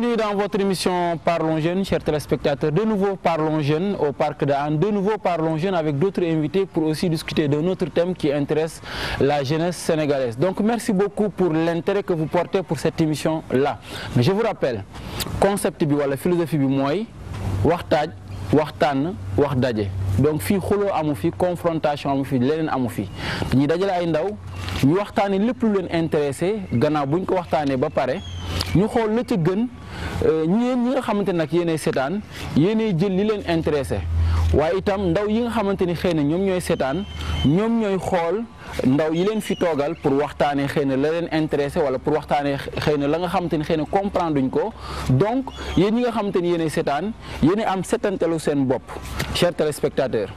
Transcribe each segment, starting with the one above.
bienvenue dans votre émission Parlons Jeunes, chers téléspectateurs. De nouveau Parlons Jeunes au Parc de De nouveau Parlons Jeunes avec d'autres invités pour aussi discuter d'un autre thème qui intéresse la jeunesse sénégalaise. Donc merci beaucoup pour l'intérêt que vous portez pour cette émission-là. Mais je vous rappelle, concept bi la philosophie du moy waxtaan wax daje donc fii xuloo amu fi confrontation amu fi leneen amu fi dañuy dajale ay ndaw ñu waxtaanee lépp lu leen intéressé gannaaw buñ ko waxtaanee ba pare ñu xool la ca gën yen euh, ñi nga xamante nag yéenay seetaan yéenay jël li leen intéressé waaye itam ndaw yi nga xamante ni xëy na ñoom ñooy seetaan ñoom ñooy xool. ndaw yi leen fi toogal pour waxtaanee xëy na la leen intéressé wala pour waxtaanee xëy na la nga xamante ni xëy na comprendre duñ ko donc yéen ñi nga xamante ni yéenay seetaan yéen am setantelu seen bopp chers téléspectateurs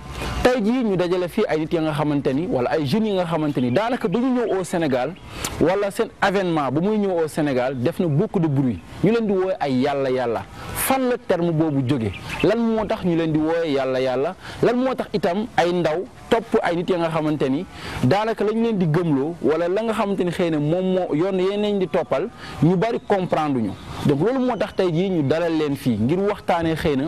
tey jii ñu dajale fii ay nit ya nga xamante ni wala ay jeunes yi nga xamante ni daanaka dañu ñëw au Sénégal wala seen avènement bu muy ñëw au Sénégal def na beaucoup de bruit ñu leen di woowe ay yàlla yàlla fan la terme boobu jóge lan moo tax ñu leen di woowe yàlla yàlla lan moo tax itam ay ndaw topp ay nit ya nga xamante ni daanaka lañ leen di gëmloo wala langa nga xamante ni xëy na moom yoon yeneen di toppal ñu bari comprendre ñu donc loolu moo tax tey jii ñu dalal leen fii ngir waxtaanee xëy na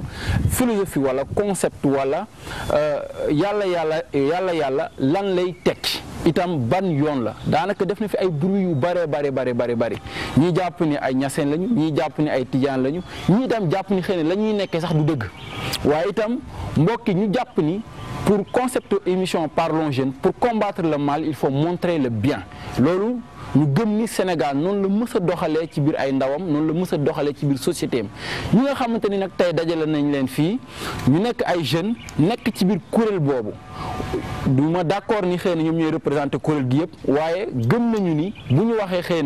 philosophie wala concept wala euh, yàlla yàlla yàlla yàlla lan lay teg itam ban yoon la daanaka def na fi ay bruit yu bare bare bare bare bare ñii jàpp ni ay ñaseen lañu ñii jàpp ni ay tijaan lañu ñii itam jàpp ni xëy na la ñuy nekkee sax du dëgg waaye itam mbokki ñu jàpp ni pour concept émission Parlons Jeunes, pour combattre le mal, il faut montrer le bien. Lolo, ñu gëm ni Sénégal non la mës doxalé ci bir ay ndawam non la mës doxalé ci bir société am ñi nga xamante ni nag tey nañ leen fi ñu nek ay jeunes nek ci bir courel bobu duma d'accord ni xéena ñom ñoy représenter courel gi yépp wayé gëm nañu ni bu ñu waxee xëy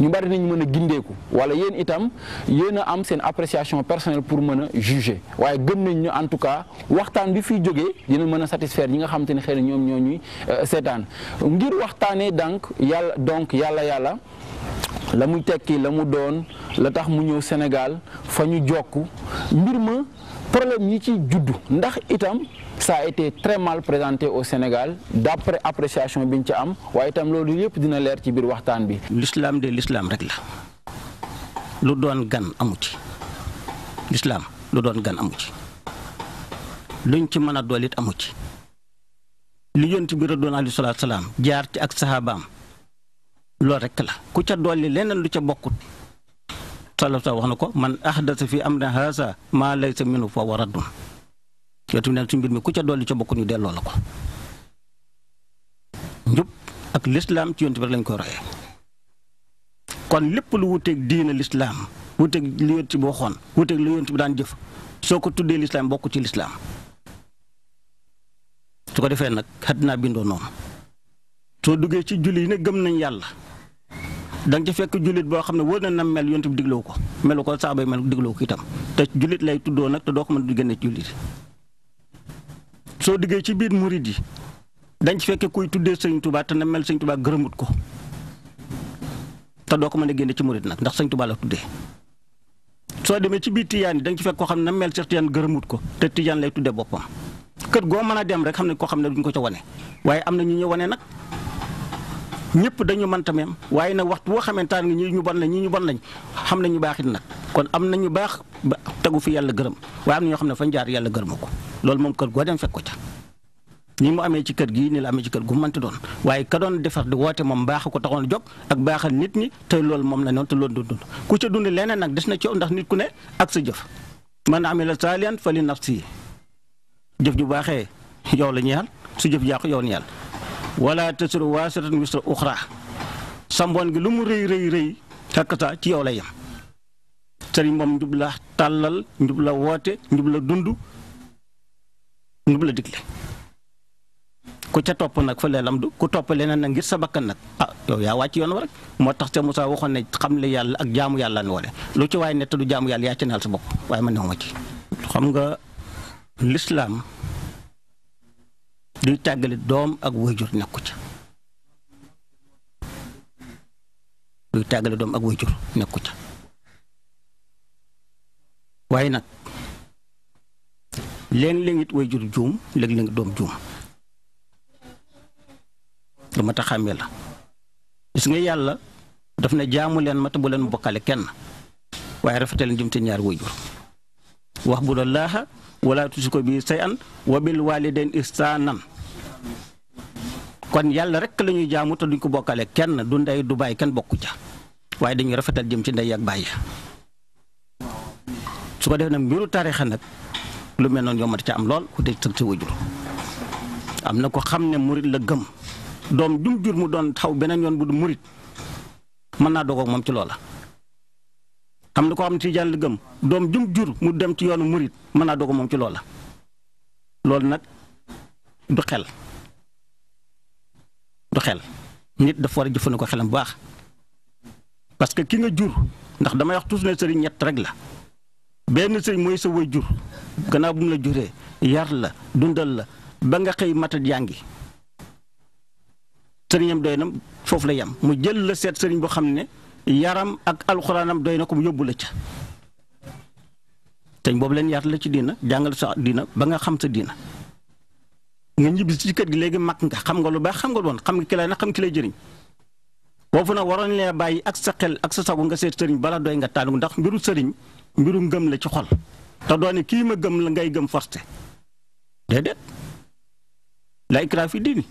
ñu bari nañ mëna gindéku wala yeen itam yéen am sen appréciation personnelle pour mëna juger wayé gëm nañ ñu en tout cas waxtaan bi fi joggé dina mëna satisfaire ñi nga xamante ni xëy na ñuy euh, seetaan ngir waxtaanee donc yalla donc yàlla yalla yalla la muy tekki la mu doon la tax mu ñew senegal fa ñu jokk mbir ma problème yi ci juddu ndax itam ça a été très mal présenté au Sénégal d'après appréciation biñ ci am waye itam lolu yépp dina lèr ci bir waxtaan bi. l'islam de l'islam rek la lu doon gan amu ci l'islam lu doon gan amu ci luñ ci mëna dolit amu ci li yonti bi doon alayhi salaatu jaar ci ak sahabaam loolu rek la ku ca dolli leneen lu ca bokkut sallallahu alayhi wax na ko man ahdasa fi amrina haasa maa laysa minhu fa huwa raddun yooyu tamit neen ci mbir mi ku ca dolli ca bokkut ñu delloo la ko njub ak lislaam ci yonent lañ koy royee kon lépp lu wuteeg diina lislaam wuteeg lu ci bi waxoon wuteeg lu yonent bi daan jëf soo ko tuddee lislaam bokk ci lislaam su ko defee nag xat naa bindoo noonu soo duggee ci julli yi ne gëm nañ yàlla da nga ci fekk jullit boo xam ne wóor na nam mel yonent bi diglawu ko melu ko saabay mel diglawu ko itam te jullit lay tuddoo nag te doo ko mën di génne ci jullit ci biir murid yi dañ ci fekk kuy sëñ Tuubaa na mel sëñ Tuubaa gërëmut ko te doo ko mën a génne ci murit nag ndax sëñ Tuubaa la tuddee soo demee ci biir tiyaan yi da ci fekk koo xam ne na mel sax tijaan gërëmut ko te tijaan lay tuddee boppam kër goo mën a dem rek xam ne koo xam ne duñ ko ca wone waaye am na ñu ñu wone nag ñépp dañu mënta même waaye nag waxtu boo xamantaan ne ñii ñu bon lañ ñii ñu bon lañ xam nañu baax it nag kon am ñu baax ba tegu fi yàlla gërëm waaye am na ñoo xam ne fañ jaar yàlla gërëma ko loolu moom kër goo dem fekk ko ca. ni mu amee ci kër gii nii la amee ci kër gu mënti doon waaye ka doon defar di woote moom baax ko taxoon jóg ak baaxal nit ñi tey loolu moom la noonu te loolu du dund ku ca dund leneen nag des na ci ndax nit ku ne ak sa jëf man amila saalihan fa li nafsi jëf ju baaxee yow la ñeel su jëf jaaxu yow la wala tasiru waasiratan wisra uxra samboon gi lu mu rëy rëy rëy xakkata ci yow lay yam sëriñ moom njub la tàllal njub la woote njub la dund njub la digle ku ca topp nag fa leelam du ku topp leneen nag ngir sa bakkan nag ah yow yaa wàcc yoon wa rek moo tax te Moussa waxoon ne xam le yàlla ak jaamu yàlla nu wale lu ci waaye ne te du jaamu yàlla yaa ci naal sa bopp waaye man newuma ci xam nga lislaam duñ tàggale doom ak wayjur nekku ca tàggale doom ak wayjur nekku ca waaye nag leen léeg it wayjur juum léeg-léeg doom juum lu mat a xàmmee la gis nga yàlla daf na jaamu leen mata bu leen bokkale kenn waaye rafetal leen jëm ñaar wayjur wax bu doon laaxa wala tusi ko bii say an wa bil walidain ihsanan kon yàlla rek la ñuy jaamu te duñ ko bokkale kenn du ndey du bàyyi kenn bokku ca waaye dañuy rafetal jëm ci ndey ak bàyyi su ko defee nag mbiru tarixa nag lu mel noonu yombati ci am lool ku teg sa wajur am na ko xam ne murit la gëm doom jum jur mu doon taxaw beneen yoon bu du murit mën naa dogoog moom ci loola. am na ko xam ne tijaan gëm doom jum jur mu dem ci yoonu murit mën naa dogoog moom ci loola loolu nag du xel. du xel nit dafa war a jëfandikoo xelam bu baax parce que ki nga jur ndax damay wax toujours ne sëriñ ñett rek la benn sëriñ mooy sa way jur gannaaw bu mu la juree yar la dundal la ba nga xëy matat yaa ngi sëriñam doy na foofu la yem mu jël la seet sëriñ boo xam ne yaram ak alxuraanam doy na ko mu yóbbu la ca sëñ boobu leen yar la ci diina jàngal sa diina ba nga xam sa diina nga ñibbi ci kër gi léegi mag nga xam nga lu baax xam nga lu xam nga ki lay xam ki lay jëriñ foofu nag waroon lee bàyyi ak sa xel ak sa sago nga seet sëriñ bala doy nga tànn ndax mbiru sëriñ mbiru ngëm la ci xol te doone kii ma gëm la ngay gëm forcé déedéet la ikraha fi diini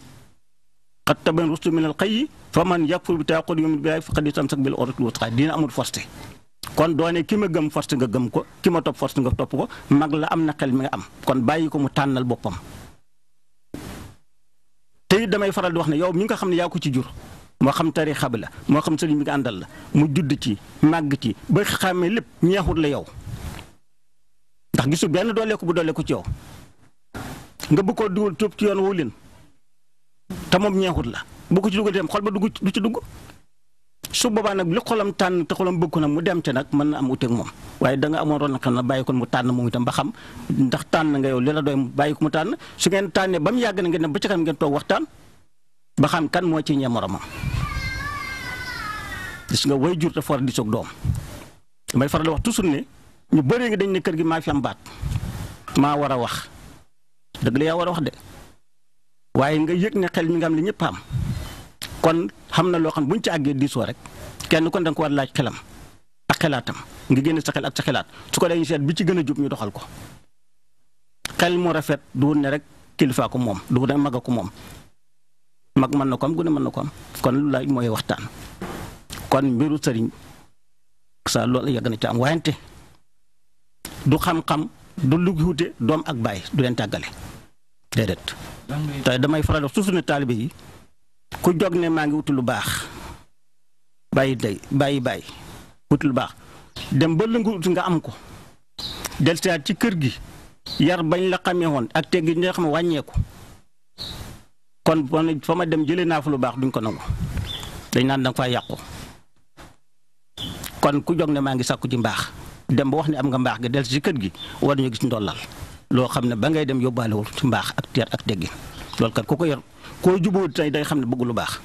qad tabayyana rushdu minal ghayyi faman yakfur bi taaquut wa yu'min billaahi faqad istamsaka bil urwatil wuthqaa diina amul forcé kon doone ki ma gëm forcé nga gëm ko ki ma topp forcé nga topp ko mag la am na xel mi nga am kon bàyyi ko mu tànnal boppam te it damay faral di wax ne yow mi nga xam ne yaa ko ci jur moo xam tariixa bi la moo xam sëriñ bi nga àndal la mu judd ci màgg ci ba xàmmee lépp ñeexut la yow ndax gisul benn dooleeku bu dooleeku ci yow nga bëgg koo ci yoon woowu leen te moom ñeexut la bukk ci dugal dem xol ba dugg du ci dugg su boobaa nag lu xolam tànn te xolam bëgg ko nag mu dem te nag mën na am uteeg moom waaye danga nga amoon ron xam na bàyyi ko mu tànn moom itam ba xam ndax tànn nga yow li la bàyyi ko mu tànn su ngeen tànnee ba mu yàgg na ngeen ne ba ca kanam kan moo ci ñee moromam gis nga way te for di soog doom damay faral wax toujours ne ñu bëree ngi dañ ne kër gi maa fi am baat maa war a wax dëgg la yaa war a wax de waaye nga yëg ne xel mi nga am la ñëpp am kon xam na loo xam ne bu ñu ci àggee diisoo rek kenn kon da ko war laaj xelam ak xelaatam nga génne sa xel ak sa xelaat su ko defee seet bi ci gën a jub ñu doxal ko xel mu rafet du ne rek kilifaa ko moom du ne mag a ko moom mag mën na ko am gune mën na ko am kon lu laaj mooy waxtaan kon mbiru sëriñ sa lool yàgg na ci am wayante du xam-xam du lu doom ak baay du leen tàggale déedéet. tey damay faral di suuf ne taalibe yi. ku jog ne maa ngi wuti lu baax bàyyi day bàyyi bàyyi wuti lu baax dem ba lëngu ut nga am ko dellusiwaat ci kër gi yar bañ la xamee woon ak teg gi nga xam ne wàññeeku kon fa ma dem jëlee naa fa lu baax duñ ko nangu dañ naan danga faa yàqu kon ku jog ne maa ngi sakku ci mbaax dem ba wax ne am nga mbaax gi del si kër gi war ñu gis ndollal loo xam ne ba ngay dem yóbbaale wul ci mbaax ak teer ak loolu kat ku ko yor koo jubóo tey day xam ne bëgg lu baax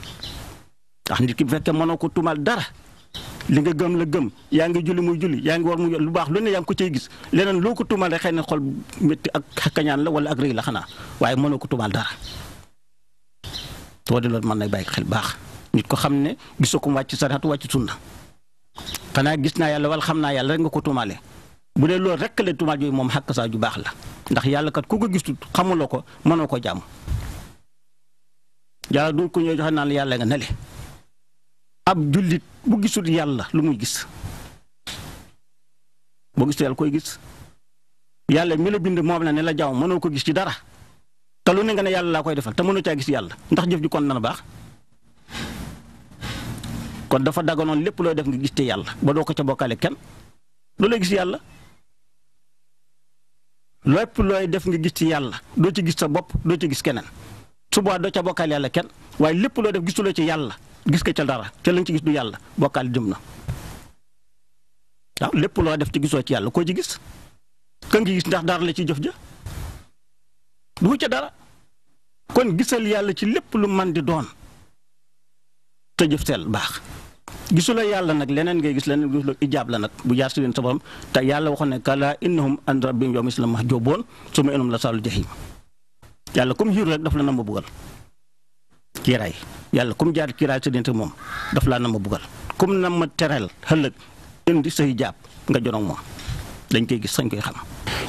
ndax nit ki bu fekkee mënoo ko tuumaal dara li nga gëm la gëm yaa ngi julli muy julli yaa ngi war mu lu baax lu ne yaa ngi ko cay gis leneen loo ko tumal rek xëy na ak kañaan la wala ak la xanaa waaye mënoo ko tumal dara soo de loolu mën na bàyyi xel baax nit ko xam ne gisoo ko wàcc saraat wàcc sunna xanaa gis naa yàlla wala xam naa yàlla rek nga ko tumaale bu dee loolu rekk la tumaal yooyu moom xàq saa ju baax la ndax yàlla kat ku ko gisut xamuloo ko mënoo ko jàmm yàlla du ko ñëw joxe naan la yàlla nga nele ab jullit bu gisul yàlla lu muy gis boo koy gis yàlla mi la bind moom la ne la jaaw mënoo ko gis ci dara te lu ne ne yàlla laa koy defal te mënoo caa gis yàlla ndax jëf ji kon dana baax kon dafa daganoon lépp looy def nga gis te yàlla ba doo ko ca bokkale kenn doo lay gis yàlla lépp looy def nga gis ci yàlla doo ci gis sa bopp doo ci gis keneen su boobaa doo ca bokkaal yàlla kenn waaye lépp loo def gisuloo ci yàlla gis ko ca dara ca la ci gis du yàlla bokkaal jëm na waaw lépp loo def ci gisoo ci yàlla koo ci gis ka nga gis ndax dara la ci jëf ja du dara kon gisal yàlla ci lépp lu man di doon te jëf seel baax gisuloo yàlla nag leneen ngay gis leneen gisuloo ijaab la nag bu jaar si leen sa borom te yàlla waxoon ne kala innahum an si la islamax jooboon su ma inum la saalu jahim yàlla comme xiiru rek daf la nam ma buggal kiiraay yàlla comme jaar kiiraay sa dente moom daf laa nam ma buggal comme nam ma tereel xëllëg indi say jàpp nga jonoog moom dañ koy gis sañ koy xam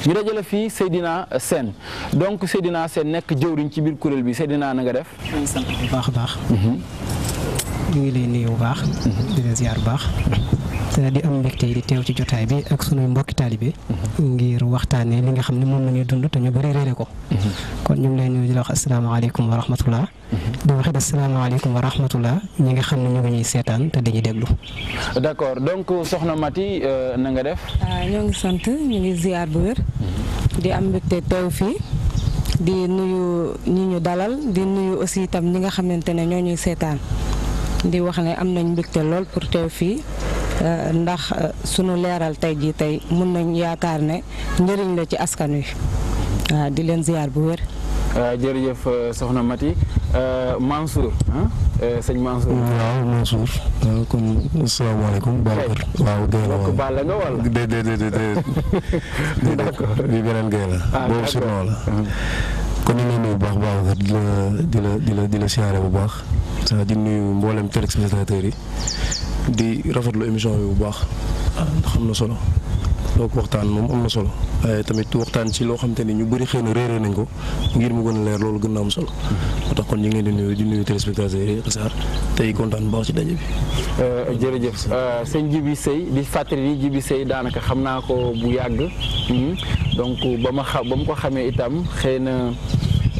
ñu dajale fii Seydina Sène donc Seydina Sène nekk jëwriñ ci biir kuréel bi Seydina na nga def. ñu ngi lay nuyu baax di la ziar bu baax di am mbégte di teew ci jotaay bi ak sunuy mbokki taalibe ngir waxtaanee li nga xam ne la ñuy dund te ñu bëri réere ko kon ñu ngi nuyu di wa rahmatullah di wa rahmatullah ñi nga ñu ngi te dañuy déglu d'accord donc soxna Mati euh, na nga def ah, ñoo ngi sant ñu ngi ziar bu wér di am mbégte teew di nuyu ñi ñu dalal di nuyu aussi itam ñi nga xamante ñoo ñuy di wax ne am nañ mbikté lol pour teew fi euh, ndax euh, suñu léral tay ji tay mën nañ yaakar ne njëriñ la ci askan wi di len ziar bu wér. Euh, jërëjëf soxna Mati Mansour seigne Mansour. waaw Mansour. kon assalamu alaykum Babacar waaw Guèye ko balla nga wal nga wala. déedéet déedéet d'accord bi beneen Guèye bo ci boobu kon ñu ngi lay nuyu bu baax Babacar di la di la di la di bu baax. di nuyu mboolem téléspectateurs yi di rafetlu émission bi bu baax xam na solo look waxtaan moom am na solo waaye tamit waxtaan ci loo xam ni ñu bëri xëy na réeré nañ ko ngir mu gën a leer loolu gën na am solo moo tax kon ñu ngeen leen di nuyu di nuyu téléspectateurs yi tey kontaan bu baax ci daje bi. Euh, jërëjëf euh, sëñ Jibi Sey di fàttali ni Jibi Sey daanaka xam naa ko bu yàgg hmm? donc ba ma xa ba mu ko xamee itam xëy na.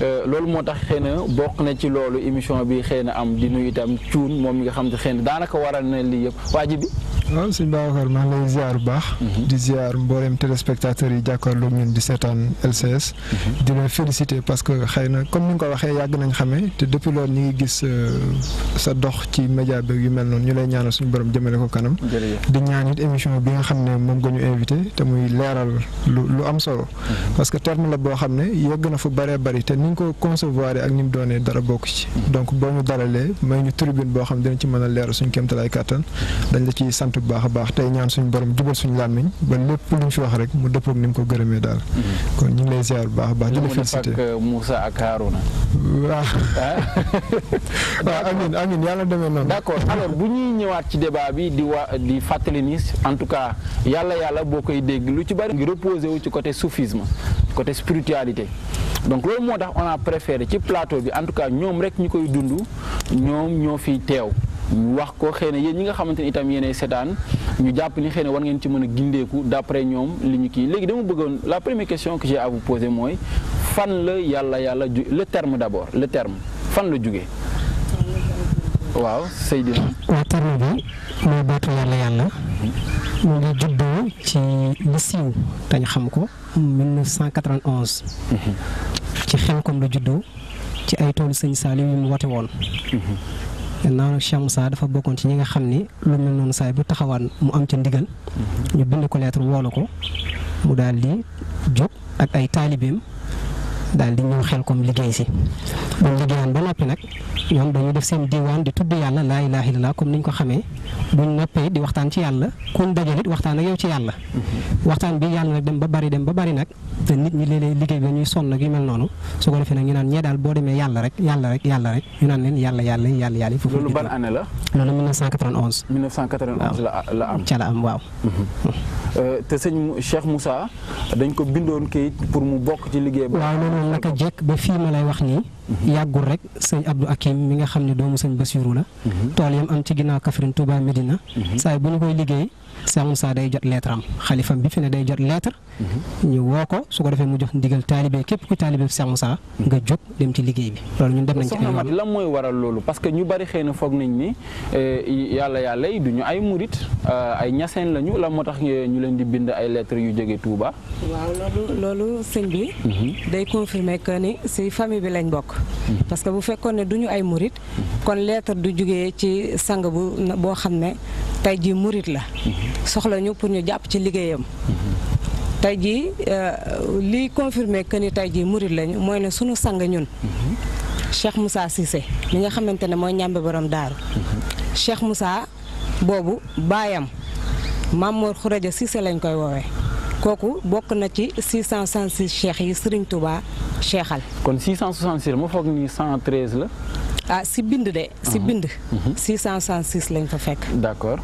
Euh, loolu moo tax xëy na bokk na ci loolu émission bi xëy na am di nuyu itam cuun moom mi nga xam ne xëy na daanaka waral na lii yëpp waa waaw sëñ Babacar maa ngi lay ziar bu baax. Mhm. di ziar mboolem yi jàkkaarloo ñun di seetaan LCS. Mhm. di la féliciter parce que xëy na comme ni nga ko waxee yàgg nañ xamee te depuis loolu ñu ngi gis euh, sa dox ci média beeg yu mel noonu ñu lay ñaanal suñu borom jëmale ko kanam. di ñaan it émission bi nga xam ne moom nga ñu invité te muy leeral lu lu am solo. Mhm. parce que terme la boo xam ne yegg na fu bëree bari te ni nga ko concevoir ak ni mu doonee dara bokk ci. donc boo ñu dalalee may ñu tribune boo xam ne dina ci mën a leeral suñu kéemtalaay kàttan dañ la ciy sant bu baax tey ñaan suñu borom jubal suñu làmmiñ ba lépp luñ fi wax rek mu dëppoog ni mu ko gërëmee daal. Mm-hmm. kon ñu ngi lay ziar bu baax a baax. di la félicité euh, Moussa ak Harouna. Ah. bu ñuy ñëwaat ci débat bi di wa di ni en tout cas yàlla yàlla boo koy dégg lu ci bari ngi reposé ci côté soufisme côté spiritualité. donc loolu moo tax on a préféré ci plateau bi en tout cas ñoom rek ñu koy dund ñoom ñoo fiy teew. wax ko xëy na yéen ñi nga xamante ni itam yéenay seetaan ñu jàpp ni xëy na war ngeen ci mën a gindeeku d'après ñoom li ñu kii léegi dama bëggoon la première question que j'ai à vous mooy fan la yàlla yàlla ju le terme d'abord le terme fan la jóge waaw Seydina. waaw terme bi mooy baatu yàlla yàlla. mu ngi juddoo ci li siiw dañ xam ko 1991. Mhm. ci xel kom la juddoo ci ay toolu sëñ Saliou yu mu woote woon. Mhm. naaw nag Cheikh Moussa dafa bokkoon ci ñi nga xam ni lu mel noonu saay bu taxawaan mu am ca ndigal ñu bind ko lettre woolu ko mu daal di jóg ak ay taalibeem daal di ñëw xel comme liggéey si buñ liggéeyaan ba noppi nag ñoom dañuy def seen diwaan di tudd yàlla laa ilaha illallah comme niñ ko xamee buñ noppee di waxtaan ci yàlla kuñ dajalit waxtaan ak yow ci yàlla waxtaan bi yàlla nag dem ba bari dem ba bari nag te nit ñi léeg liggéey ba ñuy sonn ak yu mel noonu su ko defee nag ñu naan ñee daal boo demee yàlla rek yàlla rek ñu naan leen yàlla yàlla yàlla foofu loolu ban année loolu 1991 1991 la ca la am waaw mhm. Mhm. Euh, man naka jekk ba fii ma lay wax nii yàggul rek sëñ Abdou Akim mi nga xam ne doomu sëñ Basiru la mhm. tool yam am ci ginnaaw Kaffrine Touba Medina mhm. saay bu ñu koy liggéey Cheikh bi day jot mhm. ko su ko mu jox ndigal taalibe képp ku taalibe Cheikh Moussa nga jóg dem ci liggéey bi loolu ñun dem nañ ci soxna Mat que ñu bari xëy na foog nañ ni eh, yàlla ay murit eh, ay ñaseen lañu moo tax ñu leen di bind ay lettres yu jóge Touba waaw loolu loolu sëñ bi day confirmer que si famille bi lañ bokk parce que bu fekkoon ne du ñu ay murit kon lettre du jugee ci sang bu boo xam ne tey jii murit la soxla ñu pour ñu jàpp ci liggéeyam tey jii euh, liy confirmer que ni tey jii murit lañu mooy ne sunu sang ñun Cheikh Moussa Cissé mi nga xamante ne mooy ñàmbe borom daaru Cheikh Moussa boobu baayam Mamour Khouredia Cissé lañ koy woowee kooku bokk na ci 666 cheikh yi Serigne Touba cheikhal. kon 666 ma foog ni 113 la. ah si bind de. si uh-huh. bind. 666 uh-huh. lañ fa fekk. d' accord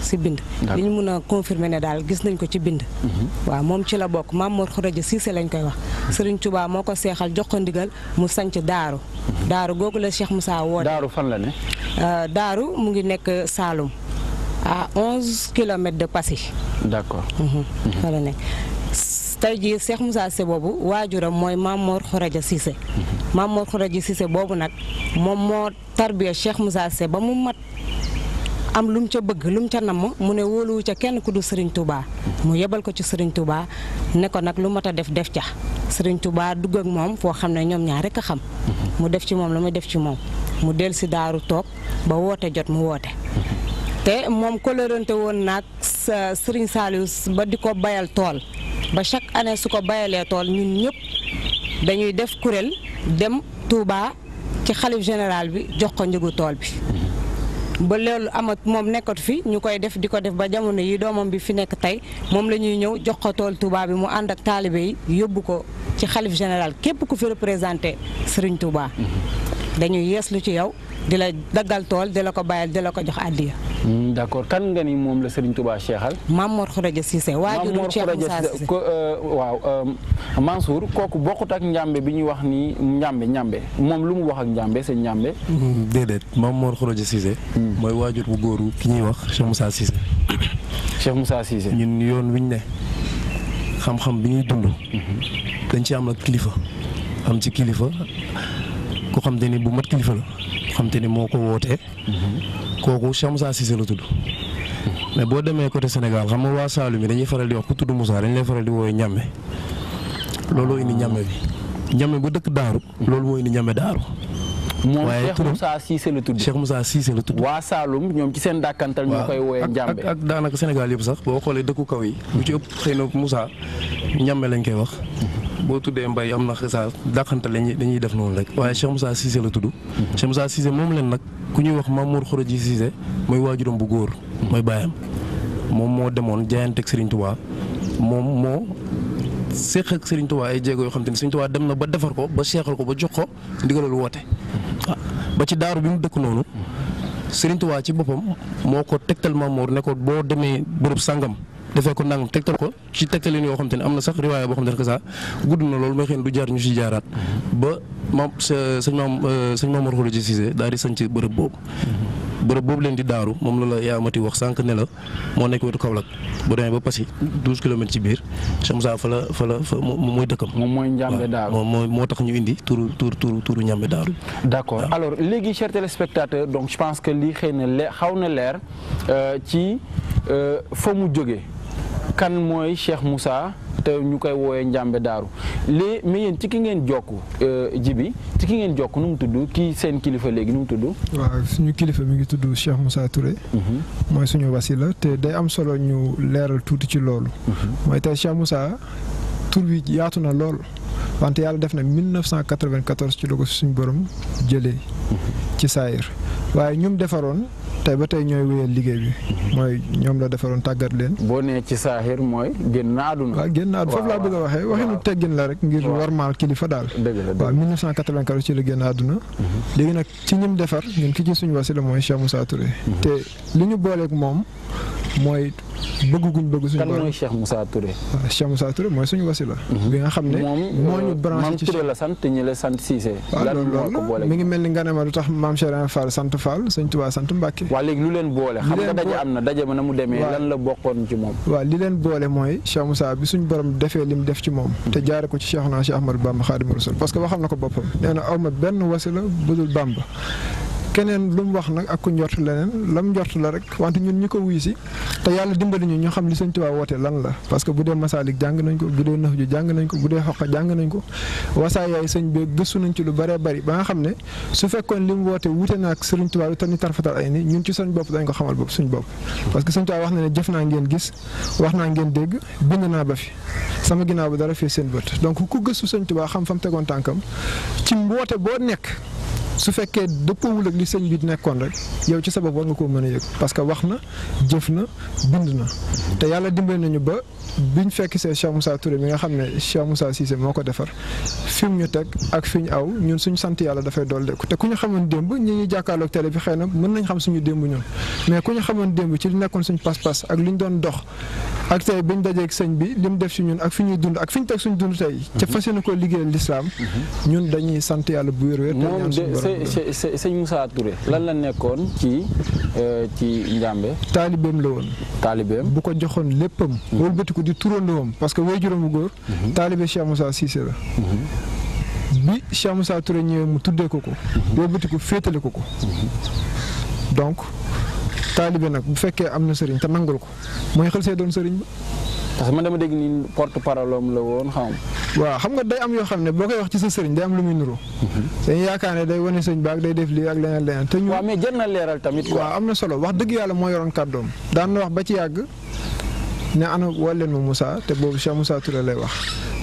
si bind. li mun a confirmer ne daal gis nañ ko ci bind. Uh-huh. waaw moom ci la bokk maam Mor Khuraja Cissé lañ koy wax. Serigne Touba moo ko seexal jox ko ndigal mu sanc daaru. daaru googu la Cheikh Moussa woote. daaru fan la ne. Ah, daaru mu ngi nekk Saloum. à onze kilomètres de Passy. d'accord. Mhm. Mhm. fa la nekk tey jii Cheikh Moussa Cissé boobu waajuram mooy Mamour Khouradia Cissé. Mhm. Mamour Khouradia Cissé boobu nag moom moo tarbiya Cheikh Moussa Cissé ba mu mat. am lu mu ca bëgg lu mu ca namm mu ne wóoluwu ca kenn ku du Serigne Touba mu yebal ko ci Serigne Touba ne ko nag lu mat a def def ca Serigne Touba dugg ak moom foo xam ne ñoom ñaar rek a xam mu def ci moom la muy def ci moom mu del si daaru toog ba woote jot mu woote te moom kolorante woon naag Serigne Saliou ba di ko bayal tool ba chaque année su ko bayalee tool ñun ñëpp dañuy def kuréel dem Touba ci xalif général bi jox ko njëgu tool bi. ba loolu amat moom nekkatu fi ñu koy def di ko def ba jamono yi doomam bi fi nekk tey moom la ñuy ñëw jox ko tool Touba bi mu ànd ak taalibe yi yóbbu ko ci xalif général képp ku fi représenté Serigne Touba. dañuy lu ci yow di la daggal tool di la ko bàyyal di la ko jox àddiya. Hmm, d' accord kan nga ni moom la Serigne Touba Cheikhal. Mamor Khourédia Cissé waajuru Cheikh Moussa Cissé euh, waaw euh, Mansour kooku bokkut ak njàmbe bi ñuy wax ni njàmbe njàmbe moom lu mu wax ak njàmbe seen njàmbe. Hmm, déedéet Mamor Khourédia Cissé. Hmm. mooy waajur bu góoru ki ñuy wax Cheikh Moussa Cheikh Moussa Cissé. ñun yoon wiñ ne xam-xam bi ñuy dund. dañ ci am ak kilifa am ci kilifa. ku xam te bu mat kilifa la xam te ni moo ko wootee kooku Cheikh Moussa Cissé la tudd mais boo demee côté Sénégal xam nga waa Saalum yi dañuy faral di wax ku tudd Moussa dañ lay faral di wooyu ñàmme looloo indi ñàmme bi ñàmme bu dëkk daaru loolu woo indi ñàmme daaru moom Cheikh Moussa Cissé la tudd Cheikh Moussa Cissé la tudd waa Saalum ñoom ci seen dàkkantal ñu koy wooyee njàmbe ak daanaka Sénégal yëpp sax boo xoolee dëkku kaw yi lu ci ëpp xëy na Moussa njàmbe lañ koy wax boo tuddee mbay am na xisaar dàqante lañuy dañuy def noonu rek waaye Cheikh Moussa Cissé la tudd mhm. Cheikh Moussa Cissé moom leen nag ku ñuy wax Mamour Khoroji Cissé mooy waajuram bu góor mooy baayam moom moo demoon jaayanteeg Serigne Touba moom moo séq ak Serigne Touba ay jéego yoo xam te ne Serigne Touba dem na ba defar ko ba seexal ko ba jox ko ndigalal woote ba ci daaru bi mu dëkk noonu Serigne Touba ci boppam moo ko tegtal Mamour ne boo demee bërëb sàngam defee ko nangam tegtal ko ci tegtalin yoo xam te ne am na sax riwaaya boo xam te ne que ça gudd na loolu mooy xëy du jaar ñu si jaaraat ba mam sëñ maam sëñ Mamour euh, Khoudia Cissé daal di sanc bërëb boobu. bërëb boobu leen di daaru moom la la yaamati wax sànq ne la moo nekk wetu Kaolack bu demee ba Passy 12 kilomètres ci biir Cheikh Moussa fa la fa la fa moom mooy dëkkam. moom mooy Njàmbe Daaru moom mooy moo tax ñu indi turu turu turu turu Njàmbe Daaru. d' accord alors léegi chers téléspectateurs donc je pense que lii xëy na le xaw na leer euh, ci euh, fa mu jóge kan mooy Cheikh Moussa te ñu koy woowee Njàmbe Daaru lii mais yéen ci ki ngeen jokk euh, ji bi ci ki ngeen jokk nu mu tudd kii seen kilifa léegi nu mu tudd. waaw suñu kilifa mu ngi tudd Cheikh Moussa Touré. Mhm. mooy suñu la te day am solo ñu leeral tuuti ci loolu. Mhm. mooy tey Cheikh Moussa tur bi yaatu na lool. wante yàlla def na 1994 ci la ko suñu borom jëlee ci saayir waaye ñum defaroon tey ba tey ñooy wéyal liggéey bi mooy ñoom la defaroon tàggat leen. boo nee ci saahir mooy génn na àdduna. waaw génn na àdduna foofu laa bëgg a waxee waxinu teggin la rek ngir warmaal kilifa daal. dëgg la waaw 1994 ci la génn àdduna. léegi nag ci ñim defar ñun ki ci suñu wasila mooy Cheikh Moussa Touré. te li ñu booleeg moom. mooy bëgg guñ bëgg suñu borom kan mooy Cheikh Moussa Touré. waaw ah, Cheikh mhm. nga xam ne moo ñu euh, branché ci maam Touré la sant ñu ngi mel ni nga ne ma lu tax maam Cheikh Fall sant Fall sëñ Tuubaa sant Mbàkke. waaw leen boole. xam nga am na daje ma mu demee lan la bokkoon ci moom. waaw li leen boole mooy Cheikh Moussa bi suñu borom defee lim def ci moom. te jaare ko ci Cheikh naa Cheikh Ahmadou Bamba Xaadimu Rasuul parce que waxal na ko boppam nee na aw ma benn wasila budul Bamba keneen lu mu wax nag ak ku njort leneen lam njort la rek wante ñun ñu ko wuy si te yàlla dimbali ñu ñu xam li Sëñ Tuubaa woote lan la parce que bu dee masaalik jàng nañ ko bu dee nax ju jàng nañ ko bu dee xoqa jàng nañ ko wasaayaay sëñ bi gëstu nañ ci lu bëree bari ba nga xam ne su fekkoon li mu woote wuute na ak Sëriñ Tuubaa lu tax tarfatal ay ni ñun ci suñ bopp dañ ko xamal bopp suñ bopp parce que Sëñ Tuubaa wax na ne jëf naa ngeen gis wax naa ngeen dégg bind naa ba sama ginnaaw bi dara fii seen bët donc ku gëstu Sëñ Tuubaa xam fam tegoon tànkam ci mboote boo nekk su fekkee dëppoowul ak li sëñ bi di nekkoon rek yow ci sabab war nga koo mën a yëg parce que wax na jëf na bind na te yàlla dimbali nañu ba ñu fekk see Cheikh Moussa Touré mi nga xam ne Cheikh Moussa Cissé moo ko defar fi mu ñu teg ak fi ñu aw ñun suñu sant yàlla dafay dool ko te ku ñu xamoon démb ñu ñu jàkkaarloog télé bi xëy na mën nañ xam suñu démb ñun mais ku ñu xamoon démb ci li nekkoon suñu pas-pas ak lu ñu doon dox ak tey biñ dajeeg sëñ bi li mu def ci ñun ak fi ñuy dund ak fi ñu teg suñu dund tey ca mhm. fas yéene ko liggéeyal lislaam mhm. ñun dañuy sant yàlla bu wér-wér sëñ Moussa Touré lan la nekkoon ci euh, ci Njàmbe taalibeem la woon taalibeem bu ko joxoon léppam mhm. wëlbatiku di turandoom parce que way juróomu góor mhm. taalibe Cheikh Moussa Cissé la mhm. bi Cheikh Moussa Touré ñëwee mu tuddee ko ko wëlbatiku féetale ko ko donc taalibe nag bu fekkee am na sëriñ te nangul ko mooy xel see doon sëriñ ba. parce que man dama dégg ni porte parole la woon xam waaw xam nga day am yoo xam ne boo koy wax ci sa sëriñ day am lu muy nuru. dañuy yaakaar ne day wane sëñ baag day def lii ak leneen leneen. te ñu waaw mais jër na leeral tamit. waaw am na solo wax dëgg yàlla moo yoroon kàddoom. daan na wax ba ci yàgg ne ana wàll leen ma Moussa te boobu Cheikh Moussa Touré lay wax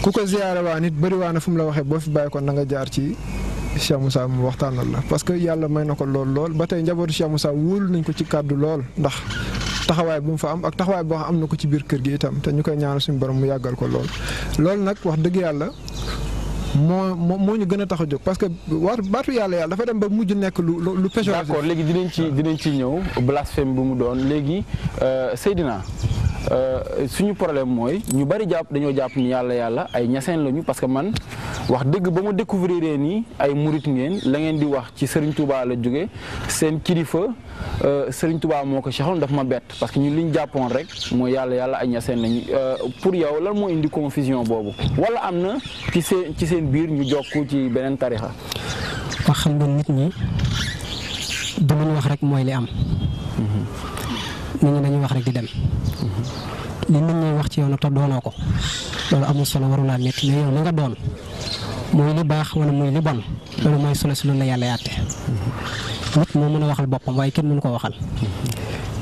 ku ko ziyaare waa nit bëri waa na fu mu la waxee boo fi bàyyi ko na nga jaar ci. Cheikh Moussa mu waxtaanal la parce que yàlla may na ko lool lool ba tey njabootu Cheikh Moussa wóolu nañ ko ci kàddu lool ndax taxawaay bu mu fa am ak taxawaay boo xam am na ko ci biir kër gi itam te ñu koy ñaanal suñu borom mu yàggal ko lool. loolu nag wax dëgg yàlla moo moo ñu gën a taxa a jóg parce que baatu yàlla yàlla dafa dem ba mujj nekk lu lu péjoratif. d'accord léegi dinañ ci dinañ ci ñëw blasphème bu mu doon léegi euh, Seydina. Euh, suñu problème mooy ñu bari jàpp dañoo jàpp ni yàlla yàlla ay ñaseen lañu parce que man wax dëgg ba ma découvrir nii ay murit ngeen la ngeen di wax ci Serigne Touba la jóge seen kilifa euh, Serigne Touba moo ko seexaloon daf ma bett parce que ñun li ñu jàppoon rek mooy yàlla yàlla ay ñaseen lañu euh, pour yow lan moo indi confusion boobu wala am na ci seen ci seen biir ñu jokk ci beneen tarixa ma xam nga nit ñi du mën wax rek mooy li am. Mm-hmm. nit ñi dañuy wax rek di dem li nit ñi wax ci yow nag te doonoo ko loolu amul solo warulaa métti mais yow li doon muy li baax wala muy li bon loolu mooy solo si loolu la yàlla yàtte nit moo mën a waxal boppam waaye kenn mënu ko waxal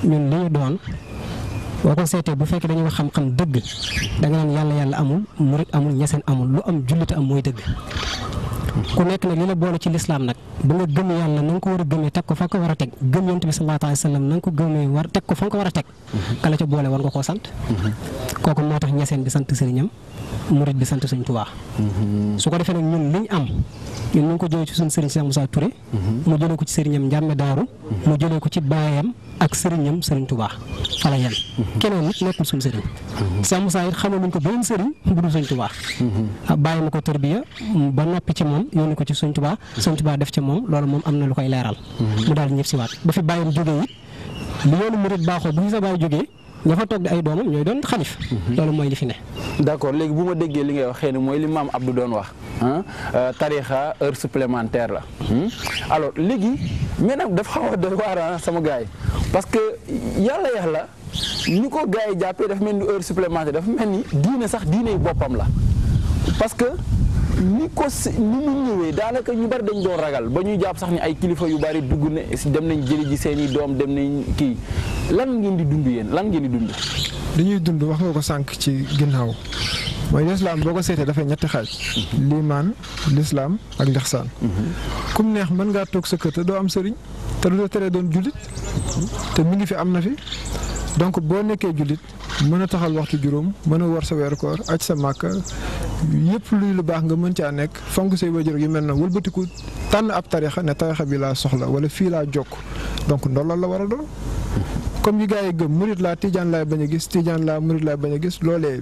ñun li ñu doon boo ko seetee bu fekkee dañu ko xam-xam dëgg da nga yàlla yàlla amul murit amul ñeseen amul lu am jullite am mooy dëgg ku nekk nag li la boole ci lislaam nag ba nga gëm yàlla na nga ko war a gëmee teg ko fa nga ko war a teg gëm yonent bi sallallahu alayhi wa sallam na nga ko gëmee war teg ko fa nga ko war a teg mhm. kala ca boole war nga koo sant mhm. kooku moo tax ñeseen bi sant sëriñam murit bi sant sëñ Tuubaa mm-hmm. su ko defee nag ñun liñ am ñun ñu ngi ko jëlee ci suñu sëriñ Cheikh Moussa Touré mm-hmm. mu jëlee ko ci sëriñam Njàmme Daaru mm-hmm. mu jëlee ko ci baayam ak sëriñam sëriñ Tuubaa fala yem keneen nit nekkul suñu sëriñ Cheikh Moussa it xamaluñ ko beneen sëriñ bu dul sëñ Tuubaa ah, bàyyi ma ko tarbiya ba noppi ci moom yónni ko ci sëñ Tuubaa sëñ Tuubaa def ci moom loolu moom am na lu koy leeral mu daal ñëpp si waat ba fi bàyyam jógee it li yoonu murit baaxoo bu fi sa jógee ña fa toog di ay doomam ñooy doon xalif mhm. loolu mooy li fi ne d'accord léegi bu ma déggee li ngay wax xëy na mooy li maam Abdou doon wax euh, tarixa heure supplémentaire la hmm? alors léegi mais nag dafa xaw a doy waar sama gars yi parce que yàlla yàlla ni ko gars yi jàppee dafa mel ni heure supplémentaire dafa mel ni diine sax diine boppam la parce ni ko ni mu ñëwee daanaka ñu bari dañ do ragal ba ñuy japp sax ni ay kilifa yu bari duggu ne dem nañ jëli ji seeni i doom dem nañ ki lan ngeen di dund yeen lan ngeen di dund. dañuy dund wax nga ko sank ci ginnaw mooy l'islam boko sété da fay ñett xaaj. l'iman l'islam ak l'ihsan mhm. kum neex man nga tok sa kër do am sëriñ té do téré doon julit té mi ngi fi amna fi. donc bo nekké julit mëna taxal waxtu juroom mëna war sa wër koor acc sa makka lépp luy lu baax nga mën caa nekk fonk say wajur yu mel na wëlbatiku tànn ab tarixa ne tarixa bi laa soxla wala fii laa jokk donc ndollal la war a doon comme yi gars yi gëm murit laa tijaan laay bañ a gis tijaan laa murit laa bañ a gis loolee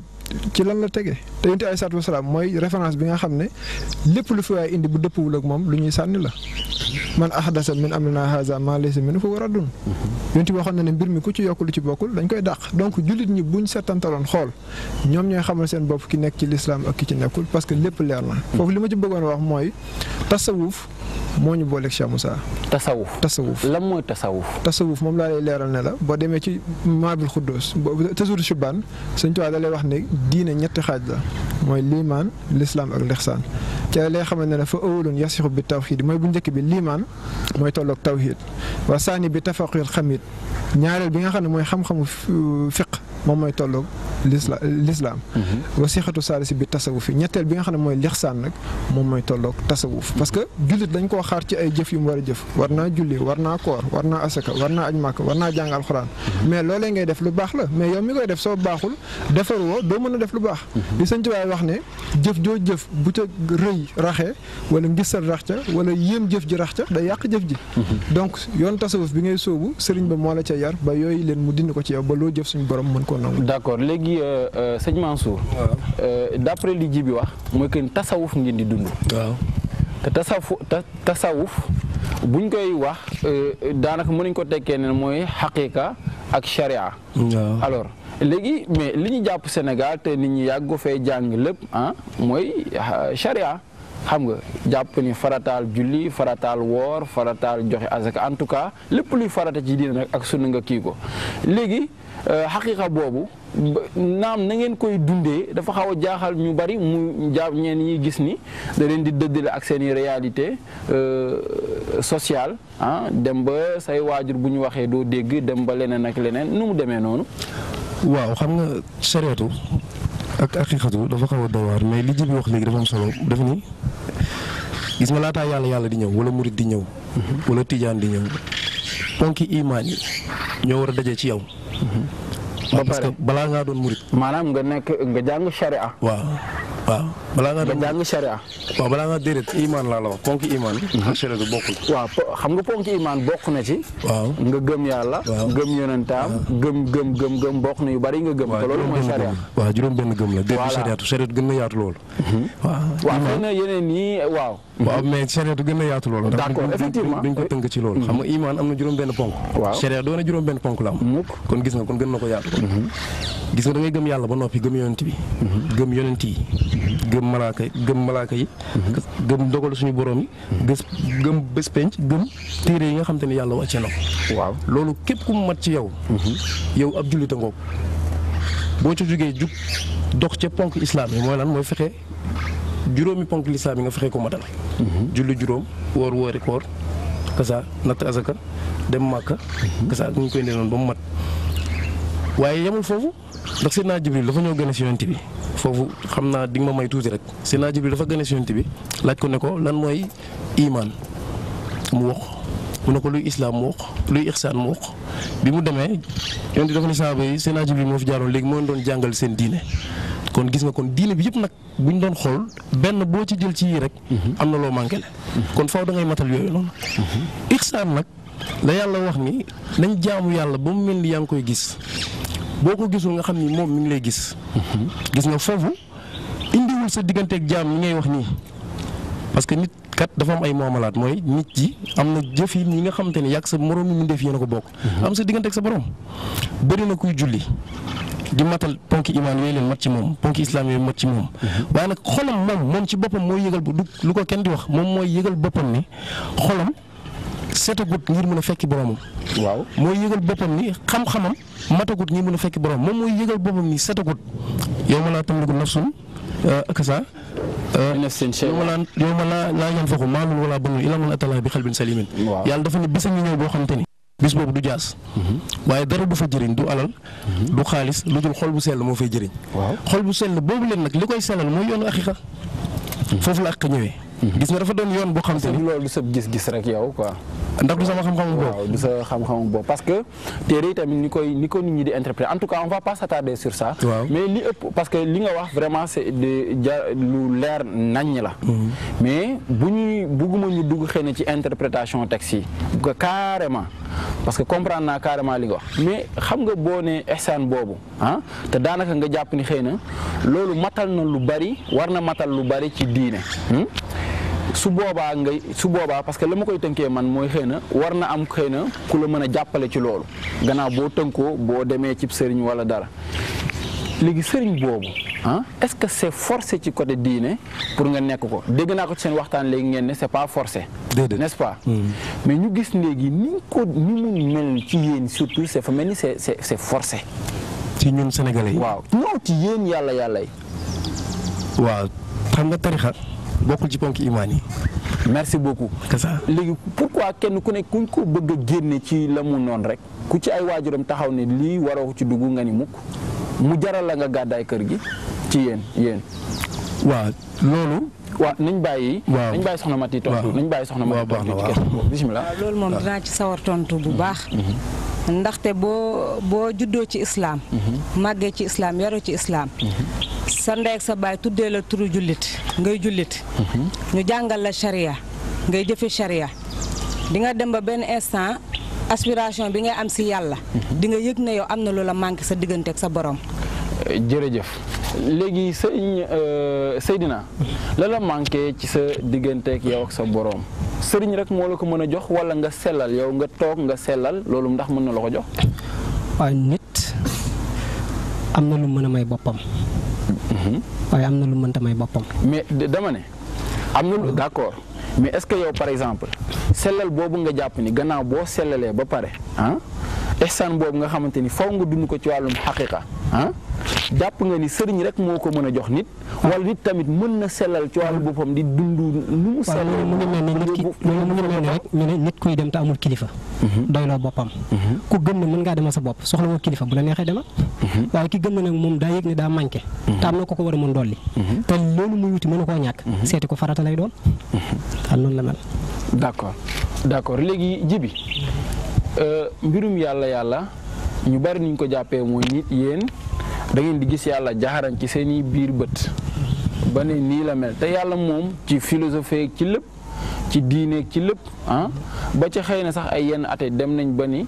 ci lan la tege te yonent alayhi salaatu wasalaam mooy référence bi nga xam ne lépp lu fi waay indi bu dëppwul ak moom lu ñuy sànni la man ahdasa min amrina haza ma laysa minhu fa waradun yonent bi waxoon na ne mbir mi ku ci yokk lu ci bokkul dañ koy dàq donc jullit ñi buñ settantaloon xool ñoom ñooy xamal seen bopp ki nekk ci lislaam ak ki ci nekkul parce que lépp leer na foofu li ma ci bëggoon wax mooy tasawuf moñu bolé booleeg Cheikh Moussa. tasawuf tasawuf lam moy tasawuf. tasawuf mom la lay leral ne la bo démé ci mabul khuddus boobu tasawuf shubaan suñ tubaab da lay wax ne diine ñett xaj la moy liman l'islam ak l'ihsan ci la lay xamné na fa awulun yasikhu bi tawhid moy bu ñëk bi liman moy tolok tawhid wa sani bi tafaqil xamit ñaaral bi nga xamné moy mooy xam-xamu fiq moom mooy tolloog l'islam wa sixatu saalisi bi tasawuf yi bi nga xamné moy l'ihsan nak mom moy tolok tasawuf parce que julit dañ ko waa xaar ci ay jëf yu mu war a jëf war naa julli war naa koor war naa asaka war naa aj màkk war naa jàng alxuraan mais loolee ngay def lu baax la mais yow mi koy def soo baaxul defaru woo doo mën a def lu baax li sëñ Tuubaa wax ne jëf joo jëf bu ca rëy raxee wala ngisal rax ca wala yéem jëf ji rax ca day yàq jëf ji donc yoon tasawuf bi ngay sóobu sëriñ ba moo la ca yar ba yooyu leen mu dindi ko ci yow ba loo jëf suñu borom mën koo nangu d'accord léegi euh, euh, sëñ Mansour euh, d'après li ji bi wax mooy que tasawuf ngeen di te tasawuf tasawuf buñ koy wax euh, daanaka mënuñ ko tekkee ne mooy xaqiqa ak sharia alors léegi mais li ñu jàpp Sénégal te nit ñi yàgg ko fee jàng lépp ah mooy ah, sharia xam nga jàpp ni farataal julli farataal woor farataal joxe que en tout cas lépp luy farata ci diine rek ak sunna nga kii ko léegi xaqiqa euh, bobu nam na ngeen koy dundé dafa xawa jahal jaaxal ñu bari mu jaa ñeen yi gis ni da leen di dëddale ak seen réalité euh sociale ah dem ba say wajur bu ñu waxee doo dégg dem ba lenen ak lenen nu mu démé nonu waaw xam nga sareetu ak xaqiqatu dafa xawa dawar mais li jibi wax légui dafa am solo dafa ni gis nga ta yalla yalla di ñew wala mourid di ñew mhm. wala tidiane di ñew ponki iman, ñoo wara dajé ci yow. ba pare balaa ngaa doon murit. maanaam nga nekk nga jàng sharia. waaw waaw balaa ngaa doon nga jàng sharia. waaw balaa ngaa déedéet imaan laa la wax ponk imaan. Mhm. sharia du xam nga ponk imaan bokk na ci. waaw nga gëm yàlla. gëm yonentaam gëm gëm gëm gëm bokk na yu bari nga gëm. waaw loolu mooy sharia. waaw juróom benn gëm la. voilà déedéet sharia gën na yaatu loolu. Mhm. waaw waaw mhm. na yeneen yi waaw. waaw mais charia du gën a yaatu loolu. d'accord effectivement duñ ko tënk ci loolu. xam nga imaan am na juróom-benn ponk. waaw charia doon juróom-benn ponk la am. kon gis nga kon gën na ko yaatu. Mm-hmm. yàlla ba noppi gëm yonent bi. Mm-hmm. gëm yonent yi. gëm malaaka yi gëm malaaka yi. Mm-hmm. gëm dogal suñu borom yi. gës gëm bés penc gëm yi nga xam te ne yàlla wàcce na ko. waaw loolu képp ku mat ci yow. yow ab jullita ngoog boo ci jógee jug dox ca ponk islam yi mooy lan mooy fexe juróomi ponk lislaam bi nga fexe ko matal julli juróom woor woori koor kasa natt asaka dem màkka kasa ak ñu koy ndee noonu ba mu mat waaye yemul foofu ndax Seydina Jibril dafa ñëw gane si yonent bi foofu xam naa di ma may tuuti rek Seydina Jibril dafa gane si bi laaj ko ne ko lan mooy imaan mu wax mu ne ko luy islaam mu wax luy ixsaan mu wax bi mu demee yonent bi dafa ne saaba yi Seydina Jibril moo fi jaaroon léegi moo doon jàngal seen diine kon gis nga kon diine bi yëpp nag bu ñu doon xool benn boo ci jël ci yii rek. Mhm. am na loo manqué la. Mhm. kon faaw da ngay matal yooyu noonu. Mhm. ixsaan nag la yàlla wax ni nañ jaamu yàlla ba mu mel ni yaa ngi koy gis boo ko gisul nga xam ni moom mi ngi lay gis. gis nga foofu indiwul sa digganteeg jaam mi ngay wax nii parce nit. kat dafa am ay moomalaat mooy nit ji am na jëf yi ñi nga xamante ne yàgg sa moroom mu def yéen ko bokk. Mhm. am sa diggante ak sa borom bëri na kuy julli. di matal ponki imaan yooyu leen mat ci moom ponki islaam yooyu mat ci moom mhm. waaye nag xolam moom moom ci boppam mooy yëgal lu ko kenn di wax moom mooy yëgal boppam ni xolam seetagut ngir mën a fekki boromam. waaw mooy yëgal boppam ni xam-xamam matagut ngir mën a fekki boromam moom mooy yëgal boppam ni seetagut yow ma laa tamliku nafsun euh, akasa لنفس شيء يوم لا يوم لا لا ينفع مال ولا بنون الا من اتى الله بقلب سليم يالا دافا ني بيسا ني بو خامتاني bis boobu du jaas waaye dara du fa jëriñ du alal du xaalis lu dul xol bu sell moo fay jëriñ xol bu sell boobu leen nag li koy sellal mooy yoonu axixa foofu la ak ñëwee Mhm. gis nga dafa doon yoon bo xam te ni sa gis-gis rek yow quoi. ndax du sama xam xam bo waaw du sa xam xam bo parce que téere yi tamit ni koy ni ko nit ñi di interpréter en tout cas on va pas s'attarder sur ça. mais li ëpp parce que li nga wax vraiment c'est de ja lu leer naññ la. Mhm. mais buñu bëgguma ñu dugg xëy ci interprétation texte yi carrément parce que comprendre na carrément li nga wax mais xam nga bo né ihsan bobu hein ah, te danaka nga japp ni xëy lolu matal na lu bari war na matal lu bari ci diiné hmm? su boobaa ngay su boobaa parce que la ma koy tënkee man mooy xëy na war na am xëy na ku la mën a jàppale ci loolu gannaaw boo tënkoo boo demee ci sëriñ wala dara léegi sëriñ boobu ah est-ce que c'est forcé ci côté diine pour nga nekk ko dégg naa ko ci seen waxtaan léegi ngeen ne c'est pas forcé n'est-ce pas mm. mais ñu gis léegi ko ci yéen surtout c'est fa mel ni c'est c'est c'est ci ñun sénégalais yi waaw non ci yéen yàlla yàlla yi waaw xam nga tarixa bokkul ci ponk imaan yi. merci beaucoup. c'est ça léegi pourquoi kenn ku ne kuñ ko bëgg a génne ci la mu noonu rek ku ci ay waajuram taxaw ne lii waroo ci dugg nga ni mukk mu jaral la nga gàddaay kër gi ci yéen yéen. waaw loolu. waaw nañ bàyyi. waaw nañ bàyyi soxna Mati tontu nañ bàyyi soxna Mati tontu ci loolu moom dinaa ci sawar tontu bu baax. Mhm. Mhm. ndaxte boo boo juddoo ci islaam mhm. màggee ci islaam yaroo ci islaam sa ndey ak sa baay tuddee la turu jullit ngay jullit ñu jàngal la charia ngay jëfe charia di dem ba benn instant aspiration bi ngay am si yàlla di nga yëg ne yow am na lu la manqué sa diggante ak sa borom jërëjëf léegi sëñ euh, Seydina la la manqué ci sa diggante ak yow ak sa boroom sëriñ rek moo la ko mën a jox wala nga sellal yow nga toog nga sellal loolu ndax mën na la ko jox waaye nit am na lu mën a may boppam mhm. waaye am na lu mënta may boppam mais dama ne am na lu d'accord mais est-ce que yow par exemple sellal boobu nga jàpp ni gannaaw boo sellalee ba pare ah ihsaan boobu nga xamante ni faw nga dund ko ci wàllum xaqiqa ah jàpp nga ni sëriñ rek moo ko mën a jox nit walla nit tamit mën na sellal ci wàllu di dund nu mu sell ñu ne kuy dem te amul kilifa mhm. doyloo boppam mhm. ku gën na mën ngaa demal sa bopp soxla woo kilifa bu la neexee demal mhm. waaye ki gëm ne nag moom daa yëg ne daa manqué te am na ko ko war a mën dolli te loolu muy wuti mënu koo ñàkk seeti ko farata lay doon daal noonu la mel d' accord d' accord léegi jibi euh, mbirum yàlla yàlla ñu bari niñ ko jàppee mooy nit yéen da ngeen di gis yàlla jaxaran ci seeni biir bët ba ne nii la mel te yàlla moom ci philosophie ci lépp ci diine ci lépp ah ba ci xeyna sax ay yenn ate dem nañ ba ni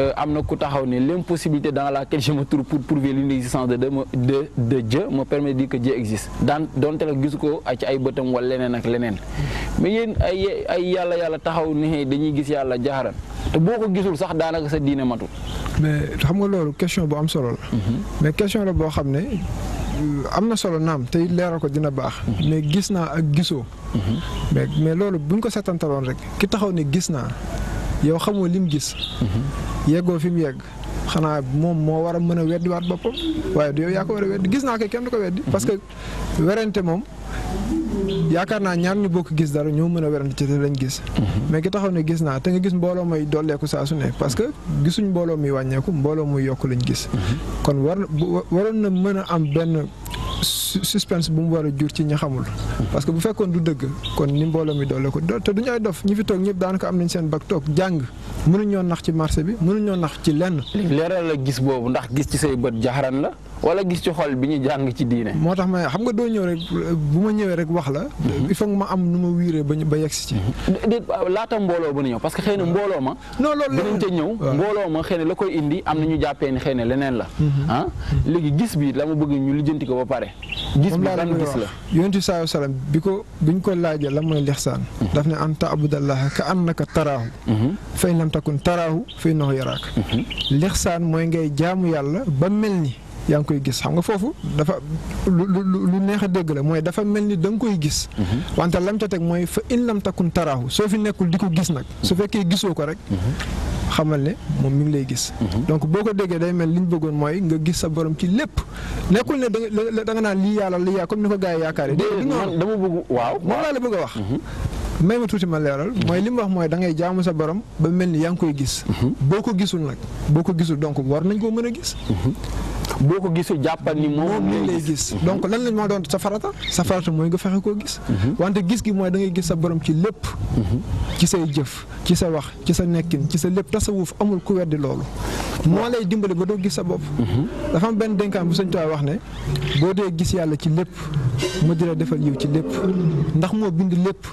euh, am ku taxaw ni l'impossibilité dans laquelle je me trouve pour prouver l'inexistence de de de Dieu me permet de dire que Dieu existe dans donte la gis ko ci ay bëtam wala lenen ak lenen mais yéen ay ay yalla yàlla taxaw ni dañuy gis yalla jaaran te boko ko gisul sax danaka sa diine matul. mais xam nga lolu question bu am solo la. Mhm. mais question la bo xam euh, amna solo nam te leeral ko dina bax mhm. mais gis naa ak gisso mhm. mais mais lolu buñ ko setantaloon rek. ki taxaw ni gis naa yow xamoo lim gis. yeggoo fi mu yegg xanaa moom moo war a mën a weddiwaat boppam waaye du yow yaa ko war a weddi gis naa ko kenn du ko weddi. parce que werante moom yaakaar naa ñaar ñu bokk gis dara ñoo mën a werante ci te lañ gis. mais ki taxaw ne gis naa te nga gis mbooloo may dolleeku saa su ne parce que gisuñ mbooloo muy wàññeeku mbooloo muy yokk lañ gis. kon war waroon na mën a am benn suspense bu mu war a jur ci ñi xamul parce que bu fekkoon du dëgg kon ni mbooloo mi doole ko te duñu ay dof ñi fi toog ñëpp daanaka am nañ seen bag toog jàng mënuñoo nax ci marché bi mënuñoo nax ci lenn. leeral la gis boobu ndax gis ci say bët jaxaran la wala gis ci xol bi ñu jàng ci diine. moo tax ma xam nga doo ñëw rek bu ma ñëwee rek wax la. Mhm. il faut ma am nu ma wiiree ba ba yegg si ci. Mhm. déet laata mbooloo ba ne ñëw parce que xëy na mbooloo ma. non ñëw mbooloo ma xëy na la koy indi am na ñu jàppee ni xëy na leneen la. Mhm. ah léegi gis bi la ma bëgg ñu lijjanti ko ba pare. gis bi lan gis la yonent saa salaam bi ko bu ñu ko laajee la mooy lixsaan. daf ne an taabudallaha ka annaka taraahu. fa in lam takun taraahu fa innahu yaraak. lixsaan mooy ngay jaamu yàlla ba mel ni yaa ngi koy gis xam nga foofu dafa lu lu lu neex a dégg la mooy dafa mel ni da nga koy gis. Mhm. wante lam ca teg mooy fa in lam takun taraahu soo fi nekkul di ko gis nag. Mhm. su fekkee gisoo ko rek. Mhm. xamal ne moom mi ngi lay gis. donc boo ko déggee day mel li ñu bëggoon mooy nga gis sa borom ci lépp nekkul ne da danga naan lii yàlla lii yaa comme ko gars yi yaakaaree. déedéet dama bëgg waaw moom laa la bëgg a wax. may ma tuuti ma leeral. mooy li mu wax mooy da ngay sa borom ba mel ni yaa ngi koy gis. boo ko gisul nag boo ko gisul donc war nañ koo mën a gis. boo ko gisul jàppal ni moom lay gis donc lan lañ ma doon sa farata sa farata mooy nga fexe koo gis mhm. wante gis gi mooy da ngay gis sa borom ci lépp mhm. ci say jëf ci sa wax ci sa nekkin ci sa lépp tasawuf amul ku weddi loolu moo lay dimbali ba doo gis sa bopp mhm. dafa am benn dénkaan bu sëñ Tuubaa wax ne boo dee gis yàlla ci lépp mu di la defal yiw ci lépp ndax moo bind lépp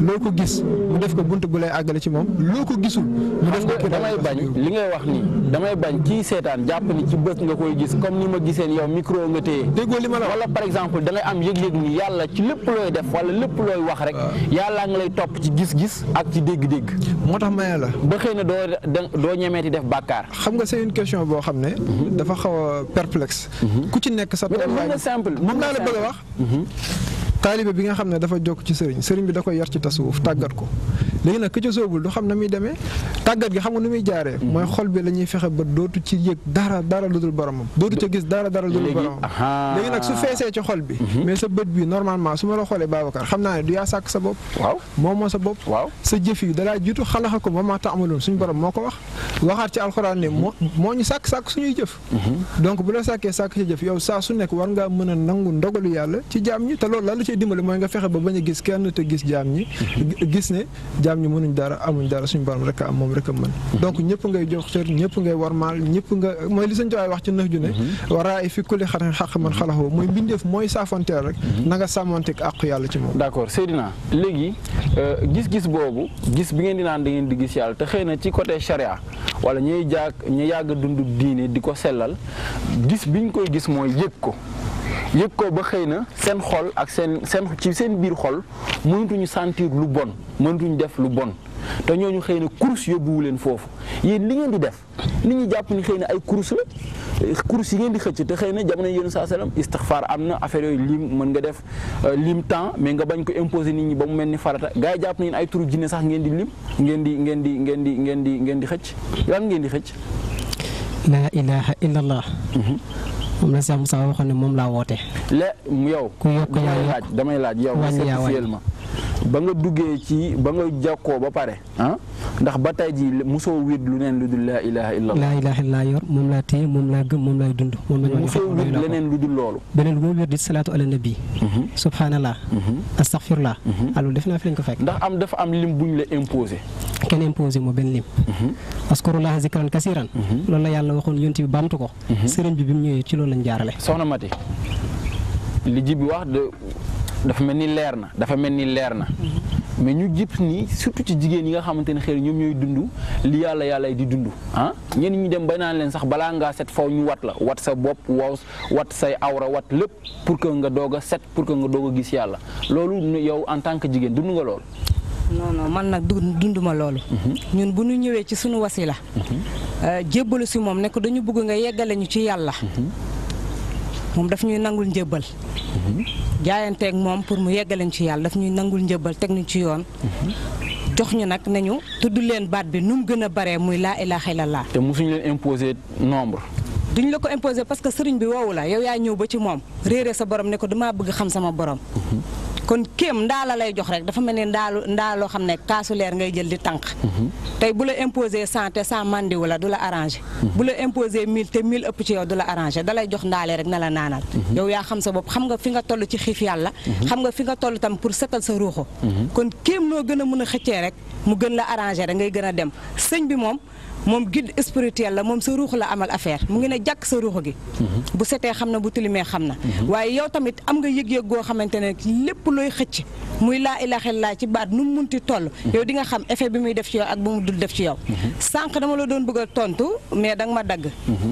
loo ko gis mu def ko bunt bu lay àggale ci moom loo ko gisul mu def ko damay bañ li ngay wax nii damay bañ kii seetaan jàpp ni ci bës nga koy comme ni ma micro nga par exemple da ngay am yeg yeg ni yalla ci lepp loy def wala lepp loy wax rek ah. yalla nga lay top ci gis-gis ak ci dégg-dégg la ba def xam nga c'est une question bo xamné perplexe mhm. ku ci nek sa moom taalibe bi nga xam ne dafa jokk ci sëriñ sëriñ bi da koy yar ci tasawuf tàggat ko léegi nag ku ca soobul du xam na muy demee tàggat gi xam nga nu muy jaaree mm-hmm. mooy xol bi la ñuy fexe ba dootu ci yëg dara dara lu dul boromam dootu ca gis dara dara lu dul boromam léegi nag su feesee ci xol bi mm-hmm. mais sa bët bi normalement su ma la xoolee Babacar xam naa ne du yaa sàkk sa bopp waaw moom moo sa bopp waaw sa jëf yi dalaa jiitu xalaxa ko ba ma taamaloon suñu borom moo ko wax waxaat ci alxuraan moo moo ñu sàkk sàkk suñuy jëf mm-hmm. donc bu la sàkkee sàkk ci jëf yow saa su nekk war ngaa mën a nangu ndogalu yàlla ci jaam la dimbali mooy nga fexe ba bañ a gis kenn te gis jaam ñi mm-hmm. gis ne jaam ñi mënuñ dara amuñ dara suñu borom rek am moom rek am mën mm-hmm. donc ñëpp ngay jox cër ñëpp ngay warmaal ñëpp nga mooy li sañ tuwaay wax ci nëx ju ne mm-hmm. war ay fi kulli xar xaq man xalaxoo mooy mbindeef mooy saafonteel rek na nga sàmmonteeg àqu yàlla ci moom d'accord Seydina léegi euh, gis-gis boobu gis bi ngeen di naan di ngeen di gis yàlla te xëy na ci côté charia wala ñuy jaag ñu yàgg dund diine di ko sellal gis biñ koy gis mooy yëpp ko yëg ko ba xëy na seen xol ak seen seen ci seen biir xol mënatuñu sentir lu bon mënatuñu def lu bon te ñoo ñu xëy na course yóbbuwu leen foofu yéen li ngeen di def nit ñi jàpp ni xëy na ay course la yi ngeen di xëcc te xëy na jamono yéen saa salaam istixfaar am na affaire yooyu lim mën nga def euh, lim temps mais nga bañ ko imposer nit ñi ba mu mel ni farata gars yi jàpp nañu ay turu jinne sax ngeen di lim ngeen di ngeen di ngeen di ngeen di ngeen di xëcc lan ngeen di xëcc. la ilaha illallah. Mhm. moom la Cheikh Moussa waxoon ne moom laa woote. le yow. ku yokk yaa laaj damay laaj yow. certifiel ma ba nga duggee ci ba nga jàkkoo ba pare. Ah, ndax ba tey jii mosoo wéet lu neen lu dul laa ilaha illallah. laa ilaha illallah yor moom laa téye moom laa gëm moom laay dund. moom la ñu mosoo wéet leneen lu dul loolu. beneen bu ma wéet di salaatu ala nabi. Mhm. subhanallah. Mhm. astaghfirullah. Mhm. alors ah, def naa fi lañ ko fekk. ndax am dafa am lim buñ la imposé. kenn imposé moo benn lim. askurullah zikran kasiran. la yàlla waxoon yonti bi bamtu ko. lañ jaarale soxna mati li jibi wax de dafa melni leer na dafa melni leer na mhm. mais ñu jip ni surtout ci jigéen yi nga xamanteni xéer ñom ñoy dundu li yalla yalla di dundu han ah? ñen ñu dem ba naan leen sax bala nga set faw ñu wat la wat sa bop waw wat say awra wat lepp pour que nga doga set pour que nga doga gis yalla lolu yow en tant que jigéen dundu nga lool non non man nak dunduma lolu mhm. ñun bu ñu ñëwé ci suñu wasila mhm. euh jébalu ci mom nek dañu bëgg nga yéggalé ñu ci yalla moom daf ñuy nangul njëbbal jaayanteek moom pour mu yeggaleñ ci yàlla daf ñuy nangul njëbal teg ñu ci yoon jox ñu nag nañu tudd leen baat bi nu mu gën a bare muy laa ilaaha laa te mosuñu leen imposer nombre duñ la ko imposer parce que sëriñ bi woowu la yow yaa ñëw ba ci moom réeré sa borom ne ko damaa bëgg xam sama borom kon kéem ndaa lay jox rek dafa mel ni ndaalu ndaa loo xam ne kaasu ngay jël di tànk mhm. tey bu la imposé cent te cent mandiwu la du la arrangé mhm. bu la imposé mille te mille ëpp ci yow du la arrangé da lay jox ndaale rek na la naanal mhm. yow yaa xam sa bopp xam nga fi nga toll ci xiif yàlla xam nga fi nga toll tam pour setal sa ruuxu kon kéem noo gën a mun a xëccee rek mu gën la arrangé rek ngay gën a dem sëñ bi moom moom guide spirituel la moom sa ruux la amal affaire mu ngi ne jàkk sa ruux gi mhm. bu setee xam na bu tilimee xam na mhm. waaye yow tamit am nga yëg-yëg goo xamante ne lépp looy xëcc muy laa ilaaha laa ci baat nu mu ti toll mhm. yow di nga xam effet bi muy def ci yow ak bu mu dul def ci yow sànq dama la doon bëgg tontu mais danga ma dagg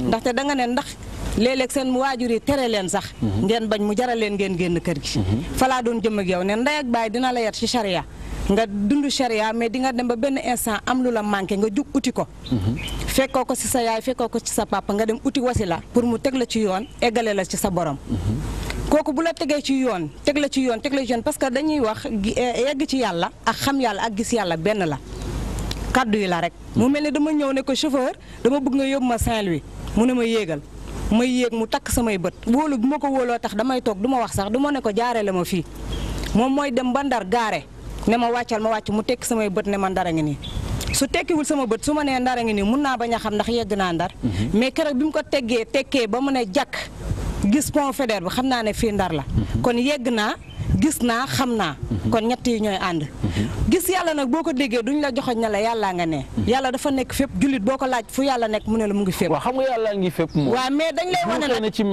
ndaxte danga ne ndax léeg-léeg seen waajur yi tere leen sax mhm. ngeen bañ mu jaral leen ngeen génn kër gi mhm. falaa doon jëm ak yow ne ndey ak baay dina la yar ci charia nga dund charia mais di nga dem ba benn instant am lu la manqué nga jug uti ko mhm. fekkoo ko ci sa yaay fekkoo ko ci sa papa nga dem uti wasi la pour mu teg la ci yoon eggale la ci sa borom kooku bu la tegee ci yoon teg la ci yoon teg la parce que dañuy wax eh, yegg ci yàlla ak xam yàlla ak gis yàlla benn la kaddu yi la rek mu mel ne dama ñëw ne ko chauffeur dama bëgg nga yóbbu ma Saint-Louis mu ne ma yéegal ma yéeg mu takk samay bët wóolu bu ma ko wóoloo tax damay toog du ma wax sax du ma ne ko jaaree la ma fii moom mooy dem ba ndar gaare ne ma wàccal ma wàcc mu tekki samay bët ne ma ndara ngi nii su tekkiwul sama bët su ma nee ndara ngi nii mun naa bañ a xam ndax yegg naa ndar mhm. mais keroog bi mu ko teggee tekkee ba mu ne jàkk gis pont Faidherbe bi xam naa ne fii ndar la mhm. kon yegg naa gis naa xam naa mhm. kon ñett yi ñooy ànd mhm. gis yàlla nag boo ko déggee duñ la joxoñ ne la yàllaa nga ne mhm. yàlla dafa nekk fépp jullit boo ko laaj fu yàlla nekk mu ne la mu ngi fépp waaw xam nga yàlla ngi fépp moom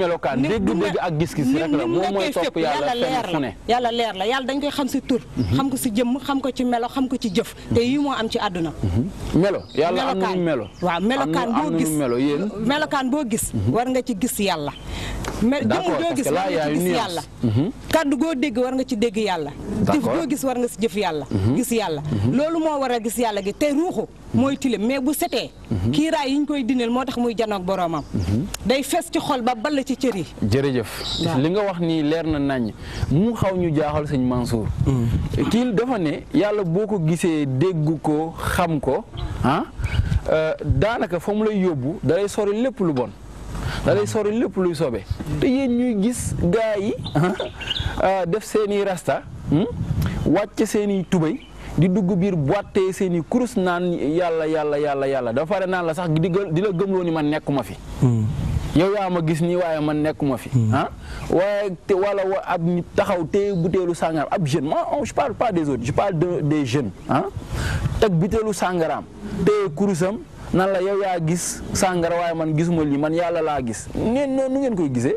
waaw gis-gis la moom mooy topp yàlla leer la yàlla leer la yàlla dañ koy xam si tur xam ko si jëmm xam ko ci melo xam ko ci jëf te yii moo am ci àdduna melo yàlla am na melo waa melokaan boo gis melokaan boo gis war nga ci gis yàlla jëmm joo gis war nga ci gis yàlla kaddu war nga ci dégg yàlla jëf joo gis war nga si jëf yàlla mhm. gis yàlla mhm. loolu moo war a gis yàlla gi te ruuxu mhm. mooy tilim mais bu setee kiiraay yi ñu koy dindal moo tax muy janoog boroomam day fes ci xol ba ball ci cër yi jërëjëf li nga wax nii leer na nañ mu xaw ñu jaaxal sëñ Mansour kii dafa ne yàlla boo ko gisee dégg ko xam ko ah, euh, daanaka fa mu lay yóbbu dalay sori lépp lu bon da lay sori lépp luy sobe te yéen ñuy gis gaa yi uh-huh. ah, def seeni rasta hmm, wàcc seen i tubéy di dugg biir boite seen seeni kurus naan yàlla yàlla yàlla yàlla dafa pare naan la sax di di gëm loo ni man nekkuma fi. Hmm. yow yaa ma gis nii waaye man nekkuma fi. Hmm. Ah? waaye te wala wa ab nit taxaw te butéelu sàngaraam ab jeune ma oh, je parle pas des autres je parle de des jeunes ah teg butéelu sàngaraam te kurusam. nan la yow yaa gis sàngara waaye man gisuma lii man yàlla laa gis neen noonu nu ngeen koy gisee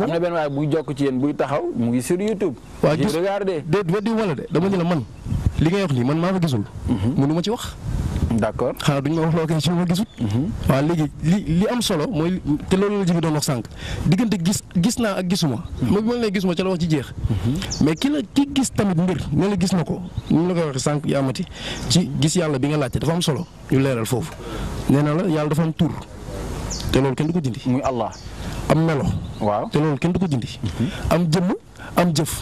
moom am benn waaye buy jokk ci yéen buy taxaw mu ngi sur YouTube. waa gis regardé déet weddi wala de dama ne la man li ngay wax nii man maa fa gisul. Mhm. mënu ma ci wax. d' accord xanaa duñ ma wax loo koy ci ma gisut. Mhm. waaw léegi li li am solo mooy te loolu la ji bi doon wax sànq diggante gis gis naa ak gisuma. Mhm. moom bi ma lay gisuma ca la wax ci jeex. mais ki la ki gis tamit mbir ne la gis na ko ni mu la koy waxee sànq yaa amati ci gis yàlla bi nga laajte dafa am solo ñu leeral foofu nee na la yàlla dafa am tur te loolu kenn du muy Allah. am melo. waaw te loolu kenn du ko mhm. am jëmm am jëf.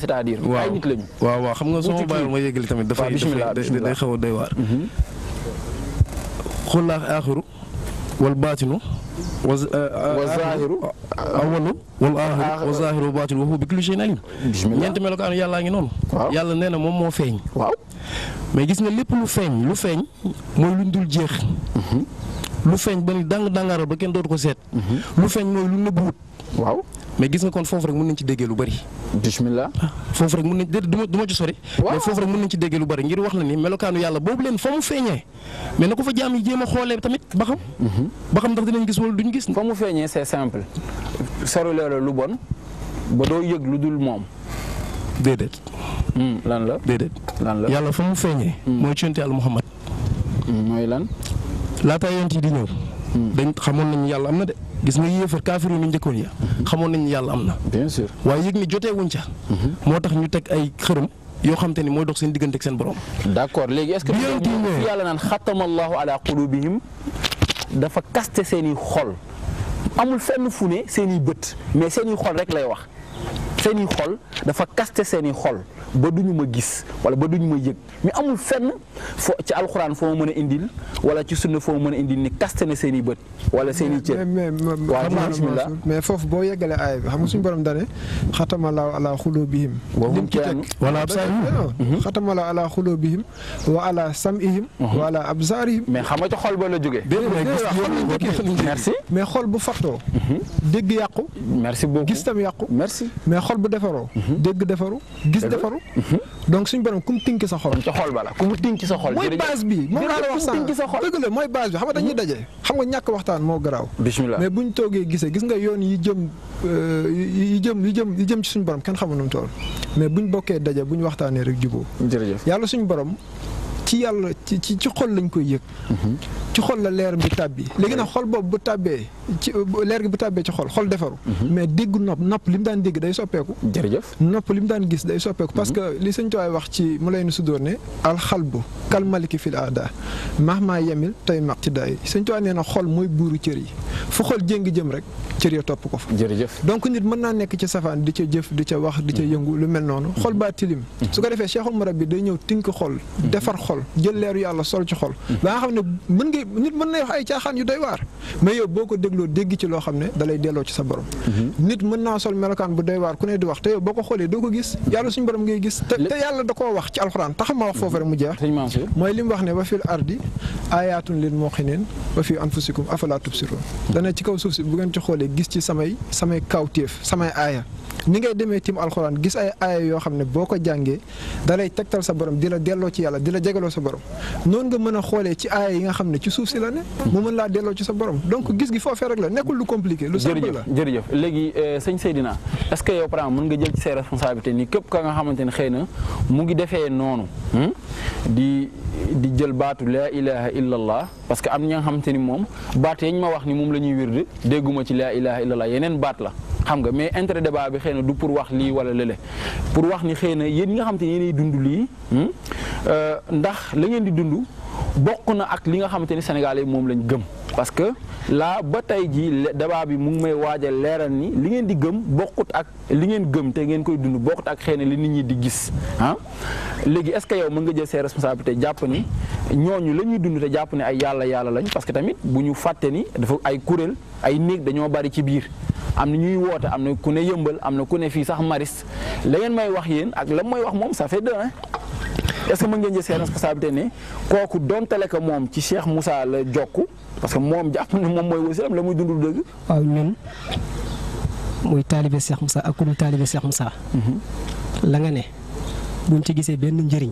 c'est-à-dire. ay nit lañu waaw waaw xam nga soo bàyyiwul ma yëgal tamit. dafay dafay day xaw a doy waar. xullaax aaxiru wal baatinu. والظاهر أول والآخر والظاهر والباطن وهو بكل شيء عليم ñeent melokaanu yàllaa ngi noonu yàlla nee na moom moo feeñ waaw mais gis nga lépp lu feeñ lu feeñ mooy luñ dul jeex lu feeñ ba ni dang dangaral ba kenn dootu ko seet lu feeñ mooy lu nëbbuwut waaw mais gis nga kon foofu rek mën nañ ci déggee lu bëri. bismillah foofu rek mën nañ dé du ma du ma ci sori. mais foofu rek mën nañ ci déggee lu bëri ngir wax la ni melokaanu yàlla boobu leen fa mu feeñee na a xoolee tamit ba xam. Mhm. ba xam ndax dinañ gis wala duñ gis. lu bon ba doo yëg lu dul moom. déedéet. Hmm, lan la déedéet. lan la yàlla fa mu feeñee. Hmm. mooy ci yonent yàlla Muhammad. Hmm, mooy lan. laataa yonent yi di ñëw. xamoon nañu yàlla am na de. gis nga yéefar kafir yi ñu njëkkoon ya xamoon nañ yàlla am na. bien sûr waaye yëg ni jotee wuñ ca. moo tax ñu teg ay xërëm yoo xam te ni mooy dox seen diggante ak seen borom. d'accord léegi est-ce que. bi yàlla naan xatamallahu ala qulubihim dafa kaste seen i xol amul fenn fu ne seen i bët mais seen i xol rek lay wax. seni xol dafa kaste seni xol ba duñu ma gis wala ba duñu ma yegg mais amul fenn fo ci alcorane fo meuna indil wala ci sunna fo meuna indil ni kaste na seni beut wala seni cër waaw bismillah mais foofu bo yeggalee ay bi xam suñu borom dane khatama la ala khulubihim lim ci teg wala absaarihim xatamalaaw ala khulubihim wa ala sam'ihim wa ala absarihim mais xam ci xol ba la merci mais xol bu fattoo dégg yaqku merci beaucoup gis tam yaqku merci xol bu defaroo. Mhm. dégg defaru gis defaru. Mhm. donc suñu borom ku mu tinki sa xol. ca tinki sa xol. mooy base bi moom laa la wax mooy base bi xam nga dañuy daje. xam nga ñàkk waxtaan moo garaaw. bismillah mais ñu toogee gisee gis nga yoon yi jëm euh, yi jëm yi jëm yi jëm ci suñu borom kenn xamu nu mu toll mais buñ bokkee daje ñu waxtaanee rek juboo jërëjëf yàlla suñu borom ci yàlla ci ci ci xol lañ koy yëg. Mhm. ci xol la leer bi tàbbi léegi nag xol boobu bu tàbbee ci leer gi bu tàbbee ci xol xol defaru mhm. mais dégg nopp nopp li mu daan dégg day soppeeku. jërëjëf nopp li mu daan gis day soppeeku. parce mhm. que li sëñ Tuwaay wax ci mu lay nu su doon ne. alxalbu kal maliki fil aada maa yemil tey maq ci daay sëñ Tuwaay nee na xol mooy buuru cër yi fu xol jéngi jëm rek cër ya topp ko fa. jërëjëf donc nit mën naa nekk ci safaan di ca jëf di ca wax di ca yëngu lu mel noonu. xol baa tilim su ko defee cheikhul murabbi day ñëw tink xol defar xol xol jël leeru yàlla sol ci xol ba nga xam ne mën nga nit mën nay wax ay caaxaan yu doy waar mais yow boo ko dégloo dégg ci loo xam ne dalay delloo ci sa borom nit mën naa sol melokaan bu doy waar ku ne di wax te yow boo ko xoolee ko gis yàlla suñu borom ngay gis te yàlla da koo wax ci alxuraan tax ma wax foofu rek mu jeex mooy li wax ne wa fil ardi ayatun lil muqinin wa fi anfusikum afala tubsiroon dana ci kaw suuf si bu ngeen ci xoolee gis ci samay samay kawtéef samay aaya ni ngay demee tim alxuraan gis ay aaya yoo xam ne boo ko jàngee dalay tegtal sa borom di la ci yàlla di la sa borom noonu nga mën a xoolee ci aaya yi nga xam ne ci suuf si la ne mu mën laa delloo ci sa borom donc gis gi foofee rek la nekkul lu compliqué lu simple la jërëjëf léegi euh, sëñ Seydina est-ce que yow par mën nga jël ci say responsabilité nii képp ka nga xamante ne xëy na mu ngi defee noonu hmm, di di jël baatu laa ilaha illallah parce que am na ñi nga xamante ni moom baat yañ ma wax ni moom la ñuy wérde dégguma ci laa ilaha illallah yeneen baat la xam nga mais intérêt débat bi xëy na du pour wax lii wala lële pour wax ni xëy na yéen nga xam te ne yéenay dund lii hmm, euh, ndax la ngeen di dund bokk na ak li nga xamante ni sénégalais moom lañ gëm parce que laa ba tey ji débat bi mu ngi may waaja leeral ni li ngeen di gëm bokkut ak li ngeen gëm te ngeen koy dund bokkut ak xëy na li nit ñi di gis ah léegi est-ce que yow mën nga jël see responsabilités jàpp ni ñooñu la ñuy dund te jàpp ne ay yàlla yàlla lañ parce que tamit bu ñu fàtte ni dafa ay kuréel ay néeg dañoo bari ci biir am na ñuy woote am na ku ne yëmbal am na ku ne fii sax maris la ngeen may wax yéen ak la wax moom ça fait deux hein est-ce que mën ngeen kooku doontale ko moom ci Cheikh Moussa la jokk parce que moom jàpp ne moom mooy wasilam la muy dund dëgg. ñun muy taalibe Cheikh Moussa ak ku dul taalibe Cheikh Moussa. Mhm. la nga ne buñ ci gisee benn njëriñ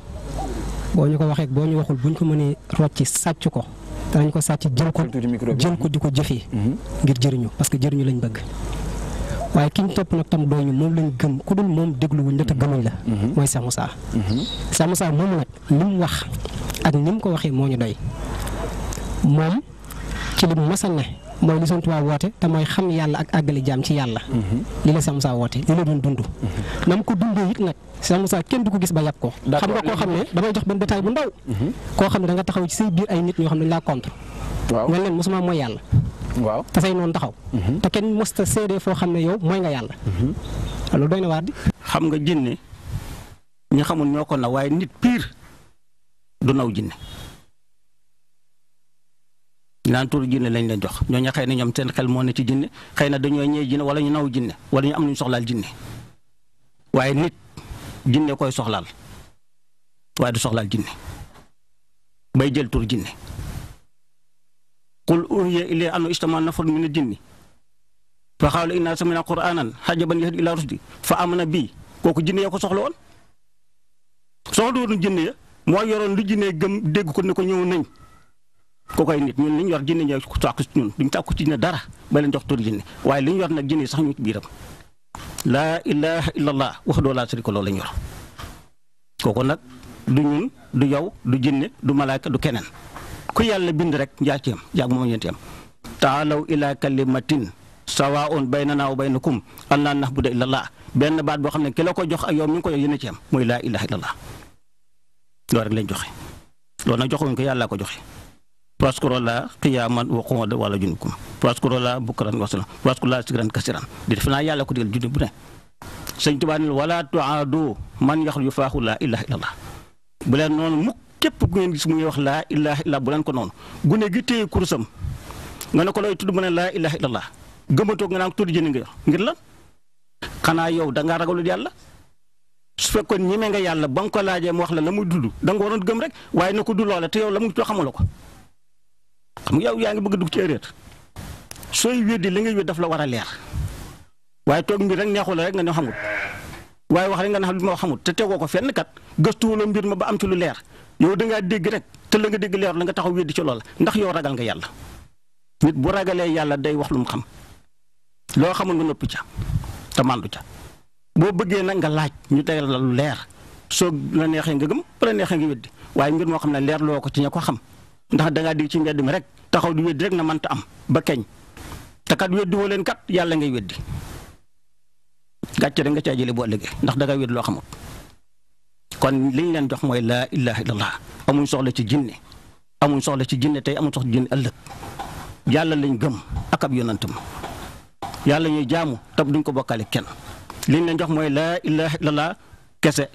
boo ñu ko waxee boo ñu waxul buñ ko mënee rocci sàcc ko. danañ ko sàcc jël ko jël ko di ko jëfee mhm. ngir jëriñu parce que jëriñu lañ bëgg waaye ki ñu topp nag tam dooñu moom lañ gëm ku dul moom dégluwuñ la te mhm. gëmuñ la mhm. mooy Cheikh Moussa Cheikh Moussa moomu nag li wax ak ni ko waxee moo ñu doy moom ci li mu mooy li Sëñ Tuubaa woote te mooy xam yàlla ak àggali jaam ci yàlla. Mhm. li la Seex Musaa woote li la doon dund. Mhm. na mu ko dundee it nag Seex Musaa kenn du ko gis ba yàpp ko. xam nga koo xam ne damay jox benn détail bu ndaw. Mhm. koo xam ne da taxaw ci say biir ay nit ñoo xam ne laa contre. waaw nga leen mosuma mooy yàlla. waaw te say noonu taxaw. te kenn mosta seede foo xam ne yow mooy nga yàlla. loolu doy na waar di. xam nga jinne ñi xamul ñoo ko na waaye nit pire du naw jinne naan tur jinne lañ leen jox ñoo xëy na ñoom seen xel moo ne ci jinne xëy na dañoo ñëw jinne wala ñu naw jinne wala ñu am lu ñu soxlaal jinne waaye nit jinne koy soxlaal waaye du soxlaal jinne bay jël tur jinne qul uhiya ilayya annahu ijtama'a nafarun mina jinni fa qaalu inna sami'na qur'aanan ajaban yahdii ilaa rushdi fa aamanna bihi kooku jinne ya ko soxla woon soxla woon jinne ya moo yoroon lu jinne gëm dégg ko ne ko ñëw nañ ku koy nit ñun li ñu yor jinne ñoo sàkku ci ñun duñ sàkku ci ne dara ba leen jox tur jinne waaye li ñu yor nag jinne sax ñu ci biiram laa ilaha illallah wax doo laa sharika loolu la ñu yor kooku nag du ñun du yow du jinne du malaaka du keneen ku yàlla bind rek yaa ci am yaa moom ngeen ci am taalaw ila kalimatin sawaun baynana wa baynakum allah nahbuda illallah benn baat boo xam ne ki la ko jox ak yow mi ngi ko yéene ci am mooy laa ilaha illallah loolu rek lañ ko yàlla ko joxe waskuro la qiyaman wa qu'udan wala junukum waskuro la bukran wasala waskuro la sigran kasiran di def naa yàlla ko digal junni bu ne sëñ Tuubaa ne wala tuaadu yu faaxu laa ilaha illallah bu leen noonu mukk képp ku ngeen gis muy wax laa ilaha illallah bu ko noonu gune gi téye kursam nga ne ko looy tudd mu la laa ilaha illallah gëmmatoo nga naan tudd jënd nga yor ngir lan xanaa yow da ngaa ragalul yàlla su fekkoon ñeme nga yàlla ba nga ko laajee mu wax la la muy dund da nga waroon gëm rek waaye na ko du loola te yow la mu xamuloo ko xam nga yow yaa ngi bëgg dugg ci erreur sooy weddi li ngay wedd daf la war a leer waaye toog mbir rek neexul rek nga ne waaye wax rek nga ne xam li ma xamul te tegoo ko fenn kat gëstuwuloo mbir ma ba am ci lu leer yow da dégg rek te la nga dégg leer la nga taxaw weddi ci loola ndax yow ragal nga yàlla nit bu ragalee yàlla day wax lu mu xam loo xamul nga noppi ca te màndu ca boo bëggee nag nga laaj ñu tegal la lu leer soo la neexee nga gëm bu la neexee nga weddi waaye mbir moo xam ne leer loo ko ci ña ko xam. ndax da nga di ci mbedd mi rek taxaw di wedd rek na ta am ba keñ ta kat weddu woo len kat yalla ngay weddi gatch rek nga caa jëlee bo legge ndax da nga wedd lo xamul kon liñ len jox moy la ilaha illallah amuñ soxla ci jinne amuñ soxla ci jinne tay amuñ sox ci jinne ëlëk yalla lañ gëm ak ab yonantam ñuy jaamu tab duñ ko bokkale kenn liñ len jox moy la ilaha illallah kese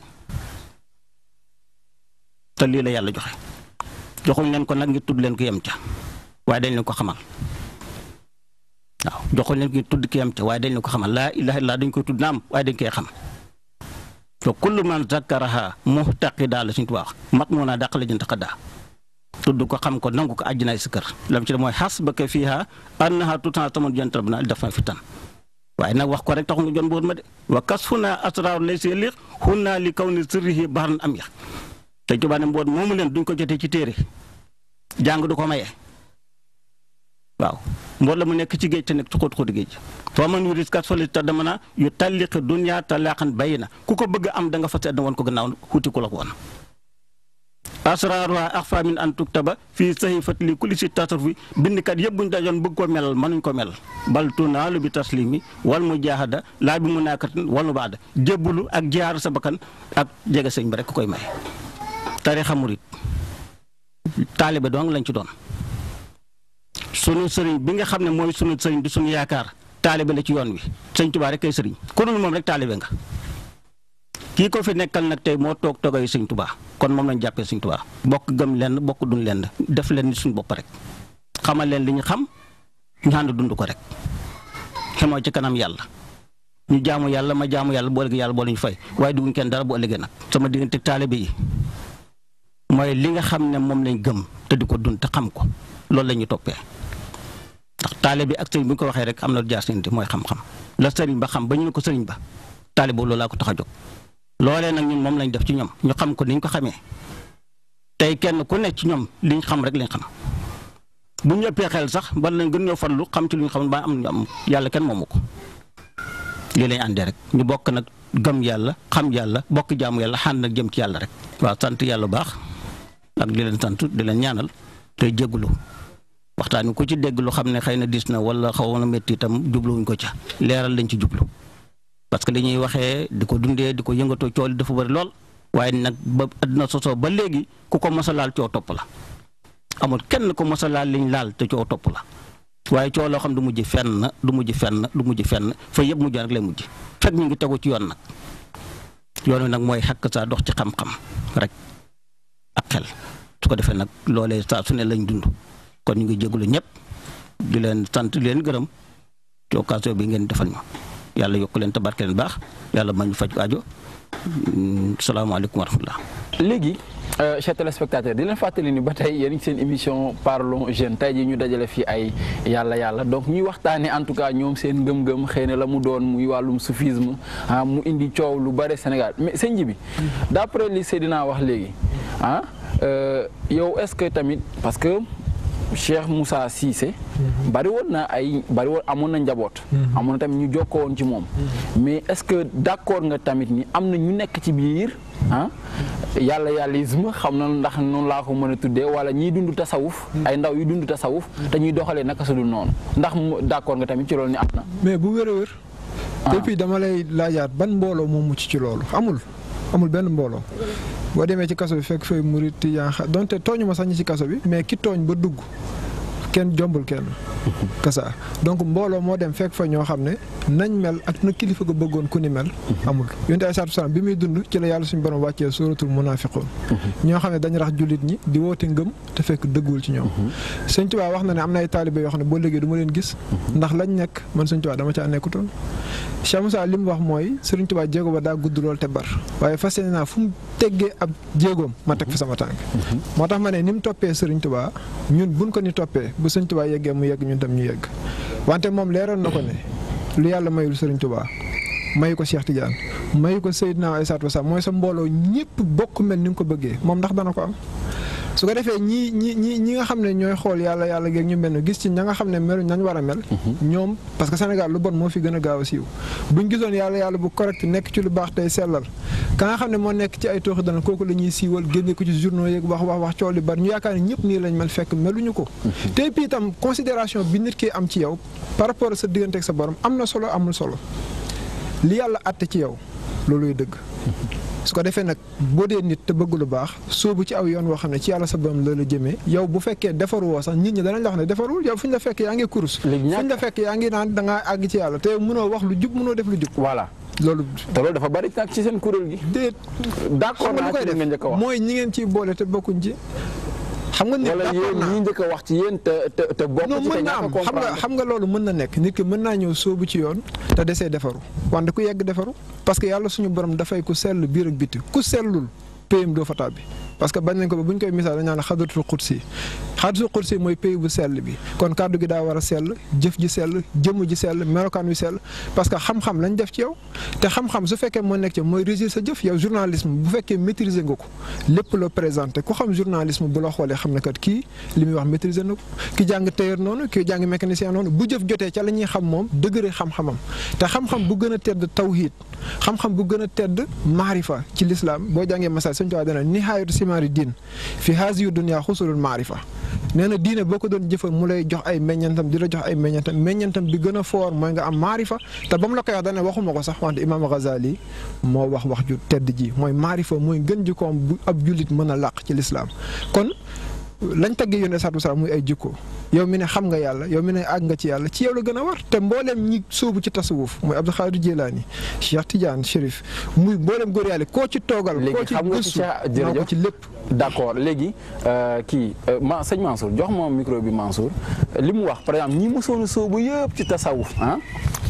Tali lii la yalla joxe joxuñ leen ko nag ngir tudd leen ko yem ca waaye dañ leen ko xamal waaw joxuñ leen ko ngir tudd ki yem ca waaye dañ leen ko xamal laa ilaha illa dañ koy tudd naam waaye dañ koy xam to kullu la suñu tubaab mat moo naa dàq la jënd xadaa tudd ko xam ko nangu ko si kër lam ci da mooy xas ba ko fiiha annaha tutaa tamun jantar bi na dafa fitan waaye nag wax ko rek taxu nga jon mbóor ma de wa kas fu naa asraar lay see liix xun naa li kaw ni sirrihi baran am yax te Tuubaa ne mboot moomu leen duñ ko jotee ci téere jàng du ko maye waaw mboot la mu nekk ci géej te nekk ci xóot-xóoti géej foo man yu riskat soli te dama na yu talliqi dunya talaqan bay na ku ko bëgg am da nga fas àddina woon ko gannaaw xuuti ko la ko woon a axfa min an tuktaba fii saxifati li kulli si tasarrufi bindkat yëpp buñ dajoon bëgg ko melal mënuñ ko melal bal tunaalu bi taslimi wal mu mujaahada laa bi munaakatin wal mubaada jébbulu ak jaar sa bakkan ak jege sëñ bi rek koy may tarixa murit taalibe dong lañ ci doon sunu sëriñ bi nga xam ne mooy sunu sëriñ di sunu yaakaar taalibe la ci yoon wi sëñ Tuubaa rek kay sëriñ ku dul moom rek taalibe nga kii ko fi nekkal nag tey moo toog toogay sëñ Tuubaa kon moom lañ jàppee sëñ Tuubaa bokk gëm lenn bokk duñ lenn def leen ni suñu bopp rek xamal leen li ñu xam ñu dund ko rek xemoo ci kanam yàlla ñu jaamu yàlla ma jaamu yàlla boo ëllëgee yàlla boo la ñu fay waaye dugguñ kenn dara bu ëllëgee nag sama diggante taalibe yi mooy li nga xam ne moom lañ gëm te di ko dund te xam ko loolu la ñu toppee ndax taalibe bi ak sëriñ bu ñu ko waxee rek am na lu jaar seen mooy xam-xam la sëriñ ba xam ba ñu ne ko sëriñ ba taalibe boobu loolu laa ko tax a jóg. loolee nag ñun moom lañ def ci ñoom ñu xam ko ni ñu ko xamee tey kenn ku nekk ci ñoom liñ xam rek lañ xam bu ñu ëppee xel sax bala lañ gën ñoo farlu xam ci lu ñu xam ba am ñu yàlla kenn moomu ko lii lañ àndee rek ñu bokk nag gëm yàlla xam yàlla bokk jaamu yàlla xànd nag jëm ci yàlla rek. ak di leen sant di leen ñaanal tey jégalu waxtaan wi ku ci dégg lu xam ne xëy na dis na wala xaw na métti itam jubluwuñ ko ca leeral lañ ci jublu parce que li ñuy waxee di ko dundee di ko yëngatoo coow li dafa bëri lool waaye nag ba àdduna sosoo ba léegi ku ko mos a laal coow topp la amul kenn ko mos laal liñ laal te coow topp la waaye coow loo xam du mujj fenn du mujj fenn du mujj fenn fa yëpp mujj rek lay mujj fekk ñu ngi tegu ci yoon nag yoon nag mooy xàkk saa dox ci xam rek. ak xel su ko defee nag loolee saa su ne lañ dund kon ñu ngi jégalu ñëpp du leen sant di leen gërëm ci bi ngeen defal ma yàlla yokk leen tabarke leen baax yàlla ma faj ko aajo mm, salaamaaleykum wa rahmatullah léegi Euh, chers téléspectateurs di leen fàttali ni ba tey yéen seen émission parlons jeunes tey jii ñu dajale fii ay yàlla yàlla donc ñuy waxtaanee en tout cas ñoom seen ngëm-ngëm xëy na la mu doon muy wàllum soufisme ah mu indi coow lu bare Sénégal mais sëñ ji bi d'après li Seydina wax léegi ah euh, yow est-ce que tamit parce que. Cheikh Moussa Cissé. bari woon na ay bari amoon na njaboot. Mhm. amoon na tamit ñu jokkoo woon ci moom. Mhm. mais est-ce que d'accord nga tamit ni am na ñu nekk ci biir ah yàlla yàllisme xam na ndax noonu laa ko mën a tuddee wala ñiy dund tasawuf. Mhm. ay ndaw yu dund tasawuf. te ñuy doxalee naka su noonu ndax d'accord nga tamit ci loolu ni am na. mais bu wér wér. depuis ah. dama lay laajaat ban mbooloo moo mucc ci loolu amul. amul benn mbooloo boo demee ci kaso bi fekk fay murit yaa xa donte tooñu ma sax ñi ci kaso bi mais ki tooñ ba dugg kenn jombul kenn kasa donc mbooloo moo dem fekk fa ñoo xam ne nañ mel ak na kilifa ko bëggoon ku ni mel amul yonent ay salaam bi muy dund ci la yàlla suñu borom wàccee suratul munafiqun ñoo xam ne dañ rax jullit ñi di woote ngëm te fekk dëggul ci ñoom sëñ Tuubaa wax na ne am na ay taalibe yoo xam ne boo léegi du leen gis ndax lañ nekk man sëñ Tuubaa dama caa nekkutoon Cheikh Moussa li mu wax mooy sëriñ Tuubaa jéego ba daa gudd loolu te waaye fas yéene naa fu mu teggee ab jéegoom ma teg fa sama tànk moo tax ma ne ni mu toppee sëriñ Tuubaa ñun buñ ko ni toppee bu sëñ Tuubaa yeggee mu yegg ñun tam ñu yegg wante moom leeroon na ko ne lu yàlla mayul sëriñ Tuubaa may ko Cheikh Tidiane may ko Seydina Aïssatou Wassa mooy sa mbooloo ñëpp bokk mel ni nga ko bëggee moom ndax dana ko am. su ko defee ñi ñi ñi ñi nga xam ne ñooy xool yàlla yàlla geeg ñu mel ne gis ci ña nga xam ne meluñ nañ war a mel mhm. ñoom parce que Sénégal lu bon moo fi gën gaaw a siiw buñ gisoon yàlla yàlla bu correct nekk ci lu baax tey sellal ka nga xam ne moo nekk ci ay tooxi dana kooku la ñuy siiwal génne ko ci journaux yeeg wax wax wax cool yu bari ñu yaakaar ne ñëpp nii lañ mel fekk meluñu ko mhm. te puis itam considération bi nit ki am ci yow par rapport ak sa diggante sa borom am na solo amul solo yàlla àtte ci yow dëgg mhm. su ko defee nag boo dee nit te bëgg lu baax sóobu ci aw yoon woo xam ne ci yàlla sa borom loola jëmee yow bu fekkee defaru woo sax nit ñi danañ la wax ne defarul yow fu ñu la fekk yaa ngi kurus fu ñu la fekk yaa ngi naan danga àgg ci yàlla te mënoo wax lu jub mënoo def lu jub voilà loolu te dafa bari nag ci seen kuréel gi déet d'accord naa ci li nga njëkk a wax mooy ñi ngeen ciy boole te bokkuñ ci xam nga nit wala yéen ñii njëkk a wax ci yéen te te te bokk ci te ñàkk a comprendre xam nga loolu mën na nekk nit ki mën naa ñëw soobu ci yoon te desee defaru wante ku yegg defaru parce que yàlla suñu borom dafay ku sell biir ak biti ku sellul PM doo fa tàbbi parce que bañ nañ ko buñ koy misal dañ naan xadratul xursi xadratul xursi moy pays bu sel bi kon kàddu gi da wara sel jëf ji sel jëm ji sel melokaan wi sel parce que xam-xam lañ def ci yow te xam-xam su fekke mo nek ci moy régir sa jëf yow journalisme bu fekke maîtriser nga ko lépp lo présenter ku xam journalisme bu la xolé xam na kat ki limi wax maîtriser nako ki jàng tailleur noonu ki jàng mécanicien noonu bu jëf jotee ci lañuy xam mom dëgëre xam-xamam te xam-xam bu gëna tedd tawhid xam-xam bu gëna tedd maarifa ci lislaam boo jàngee message suñ tuwaa dana nihaayatu simaari diin fi haasi yu dunya xusulul maarifa nee na diine boo ko doon jëfa mu lay jox ay meññantam di la jox ay meññantam meññantam bi gën a foor mooy nga am maarifa te ba mu la koy wax dane waxuma ko sax wante imaam Ghazali moo wax wax ju tedd ji mooy maarifa mooy gën ji koom bu ab jullit mën a làq ci lislaam kon lañ taggee yoon esaatu saa muy ay jikko yow mi ne xam nga yàlla yow mi ne àgg nga ci yàlla ci yow la gën a war te mbooleem ñi sóobu ci tasawuf muy Abdou Khadir Jilani Cheikh Tidiane Chérif muy mbooleem góor yàlla koo ci toogal. koo ci gëstu léegi xam nga ci lépp. d'accord accord qui euh, kii euh, ma seigne Mansour jox moom micro bi Mansour li wax par exemple ñi mësoon soobu yépp ci tasawuf hein. Ah,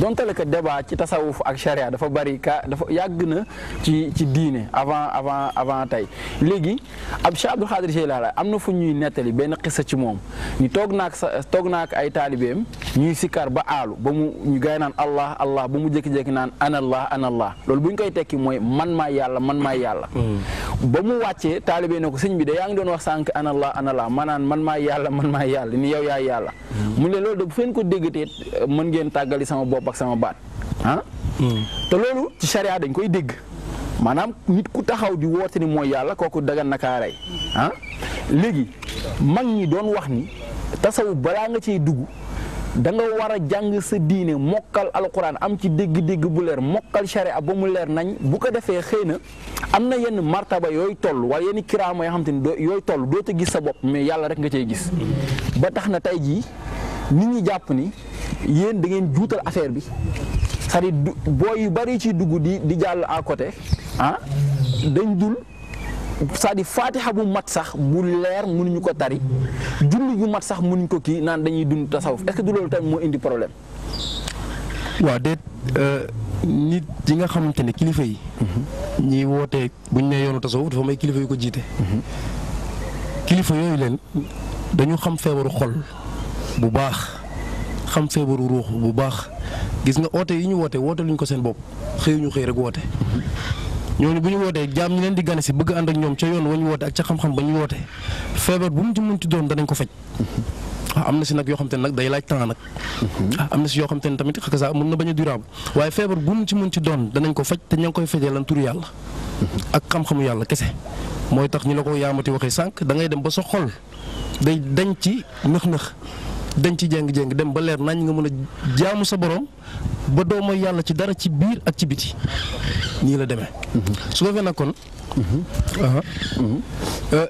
Donc tel que débat ci tasawuf ak charia dafa bari ka dafa yàgg na ci ci diine avant avant avant tay. léegi ab Cheikh Abdou Khadir Jeylaani am na fu ñuy nettali benn xisa ci mom. ñu toog naak sa toog ay talibem ñuy sikkar ba aalu ba mu ñu gay allah allah ba mu jékki nan ana anallah anallah Allah. bu buñ koy tekki moy man ma yalla man ma yalla. Mm. ba mu wàccee ne ko sëñ bi de yaa ngi doon wax sànq anallah anallah maanaan man maa yàlla man maa yàlla ni yow yaa yàlla hmm. mu ne loolu de bu feen ko dégg te mën ngeen tàggali sama bopp ak sama baat ah hmm. te loolu ci charia dañ koy dégg maanaam nit ku taxaw di woote ni mooy yàlla kooku dagan nakaaray ah léegi mag ñi doon wax ni tasawu balaa nga ciy dugg da nga war a jàng sa diine mokkal alquran am ci dégg-dégg bu leer mokkal a ba mu leer nañ bu ko defee xëy na am na yenn martaba yooyu toll wala yenn kiraama yoo xam ni doo yooyu toll doo ta gis sa bopp mais yàlla rek nga cay gis ba tax na tey jii nit ñi jàpp ni yéen da ngeen juutal affaire bi xarit à dire bari ci dugg di di jàll à côté ah, dañ dul c'est-à-dire faatixa bu mat sax bu leer mënuñu ko tari julli bu mat sax mënuñ ko kii naan dañuy dund tasawuf est du loolu tamit moo indi problème. waa déet euh, nit yi nga xamante ne kilifa yi. Mhm. ñiy wootee buñ nee yoonu tasawuf dafa may kilifa yu ko jiite. Mhm. kilifa yooyu leen dañu xam feebaru xol bu baax xam feebaru ruux bu baax gis nga oote yi ñu woote woote luñ ko seen bopp xëyuñu xëy rek woote. Mhm. ñooñu bu ñu wootee jaam ñi leen di gane si bëgg ànd ak ñoom ca yoon wa ñu woote ak ca xam-xam ba ñu woote feebar bu mu ci doon danañ ko faj. waaw ah, ah, am na si yoo xam te ne day laaj temps nag. am na yoo xam te ne tamit xëy mën na bañ a durable waaye feebar bu mu ci mun ci doon danañ ko faj te ña koy fajee lan turu yàlla. ak xam-xamu yàlla kese mooy tax ñu la ko yaamati waxee sànq da ngay dem ba sa xol day dañ ci nëx-nëx dañ ci jéng-jéng dem ba leer nañ nga mën a jaamu sa borom ba doo mooy yàlla ci dara ci biir ak ci biti nii la demee. Mhm. su ko defee kon. Mhm. Mhm. Euh,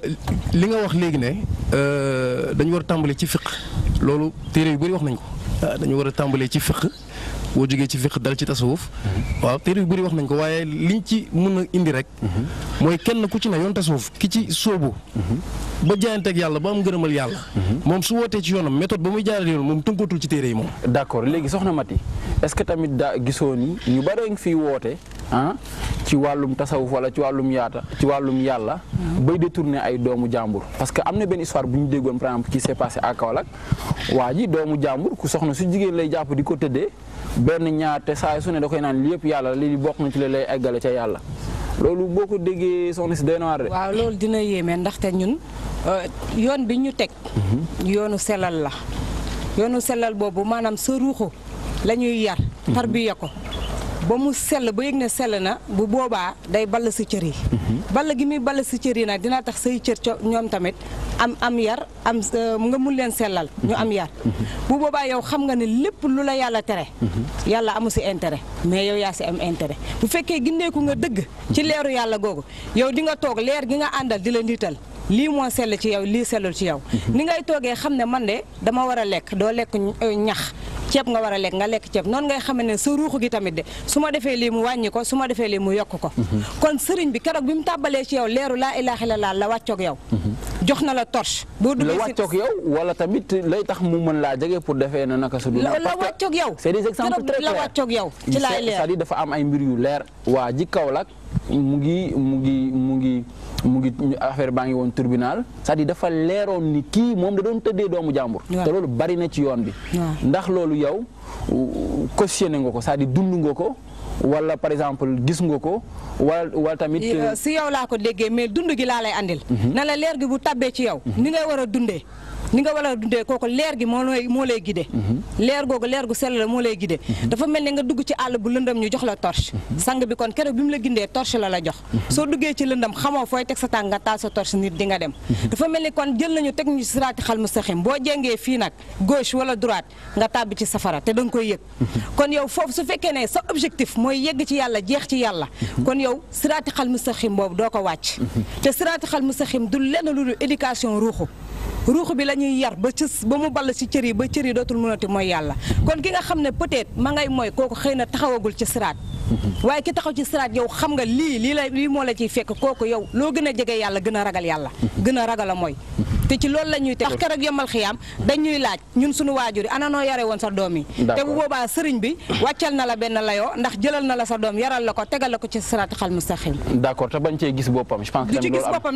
li nga wax léegi ne euh, dañu war a tàmbalee ci fiq loolu téere yu bëri wax nañ ko ah, dañu war a tàmbalee ci fiq boo jógee ci fiq dal ci tasawuf waaw téere yu bëri wax nañ ko waaye liñ ci mën a indi rek mooy kenn ku ci ne yoon tasawuf ki ci sóobu ba jaayanteeg yàlla ba am ngërëmal yàlla moom su wootee ci yoonam méthode ba muy jaarale yoon moom tënkatul ci téere yi moom d'accord léegi soxna Mati est que tamit daa gisoo ni ñu bari ngi fii woote ah ci wàllum tasawuf wala ci wàllum yaata ci wàllum yàlla bay détourné ay doomu jàmbur parce que am na benn histoire bu ñu déggoon par exemple qui s'est passé à Kaolack waa ji jigéen lay jàpp di ko tëddee benn ñaar te saa su ne da koy naan yépp yàlla li bokk na ci la lay eggale ca yàlla loolu boo ko déggee soxna si doy de. waaw loolu dina yéeme ndaxte ñun euh, yoon bi ñu teg. Mhm. yoonu selal la yoonu selal boobu maanaam sa ruuxu la ñuy yar. Mhm. tarbiya ko. ba mu sell ba yëg ne sell na bu boobaa day ball si cër yi. Mhm. ball gi muy ball si cër yi nag dina tax say cër ñoom tamit am am yar am euh, nga mun leen sellal. ñu mhm. am yar mhm. bu boobaa yow xam nga ni lépp lu la yàlla tere. yàlla amu si intérêt mais yow yaa si am intérêt bu fekkee gindeeku nga dëgg. ci leeru yàlla googu yow di nga toog leer gi nga àndal di la niital. lii moo sell ci yow lii sellul ci yow mhm. ni ngay toogee xam ne man de dama war a lekk doo lekk euh, ñax ceeb nga war a lekk nga lekk ceeb noonu ngay xam ne su ruux gi tamit de su ma defee lii mu wàññi ko su ma defee lii mu yokk ko mhm. kon sëriñ bi keroog bi mu tàbbalee ci yow leeru laa la illallaah la wàccoog yow mhm. jox na la torche. boo duggee si la wàccoog yow wala tamit lay tax mu mën laa jege pour defee na naka su dul. la wàccoog yow c'est des la wàccoog yow. ci laay leer cest dafa am ay mbir yu leer waa ji Kaolack mu ngi mu ngi mu ngi. mu ngi affaire baa ngi woon tribunal cest di dire dafa leeroon ni kii moom da doom tëddee doomu jàmbur te loolu bari na ci yoon bi ndax loolu yow cautionné nga ko cest à dund nga ko wala par exemple gis nga ko wala wala tamit. Euh, si yow laa ko déggee mais dund gi laa lay andil. Mhm. na la leer gi bu tabbee ci yow. Mhm. ni ngay war a dundee. ni nga war a dundee kooku leer gi moo lay moo lay gide mhm. leer googu leer gu sell la moo lay gide mhm. dafa mel ni nga dugg ci àll bu lëndam ñu jox la torche mhm. sang bi kon keroog bi mu la gindee torche la la jox soo duggee ci lëndam xamoo fooy teg sa tànk nga taal sa torche nit di nga dem dafa mel ni kon jël nañu teg ñu siraati xal mu saxim boo jengee fii nag gauche wala droite nga tàbbi ci safara te da nga koy yëg kon yow foofu su fekkee ne sa objectif mooy yegg ci yàlla jeex ci yàlla kon yow siraati xal mu saxim boobu doo ko wàcc te siraati xal mu saxim du lenn lu dul éducation ruuxu ruuxu bi lañ ñuy yar ba ci ba mu ball si cër yi ba cër yi dootul mënati mooy yàlla kon ki nga xam ne peut-être ma ngay mooy kooku xëy na taxawagul ci siraat mhm. waaye ki taxaw ci siraat yow xam nga lii lii la lii moo la ciy fekk kooku yow loo gën a jege yàlla gën a ragal yàlla mhm. gën a ragal a mooy mhm. te ci loolu la ñuy te keroog yombal xiyaam dañuy laaj ñun suñu waajur yi ana noo yare woon sa doom yi te bu boobaa sëriñ bi wàccal na la benn layoo ndax jëlal na la sa doom yaral la ko tegal ko ci siraat xal mustaqim d'accord te bañ cee gis boppam je pense que du ci gis boppam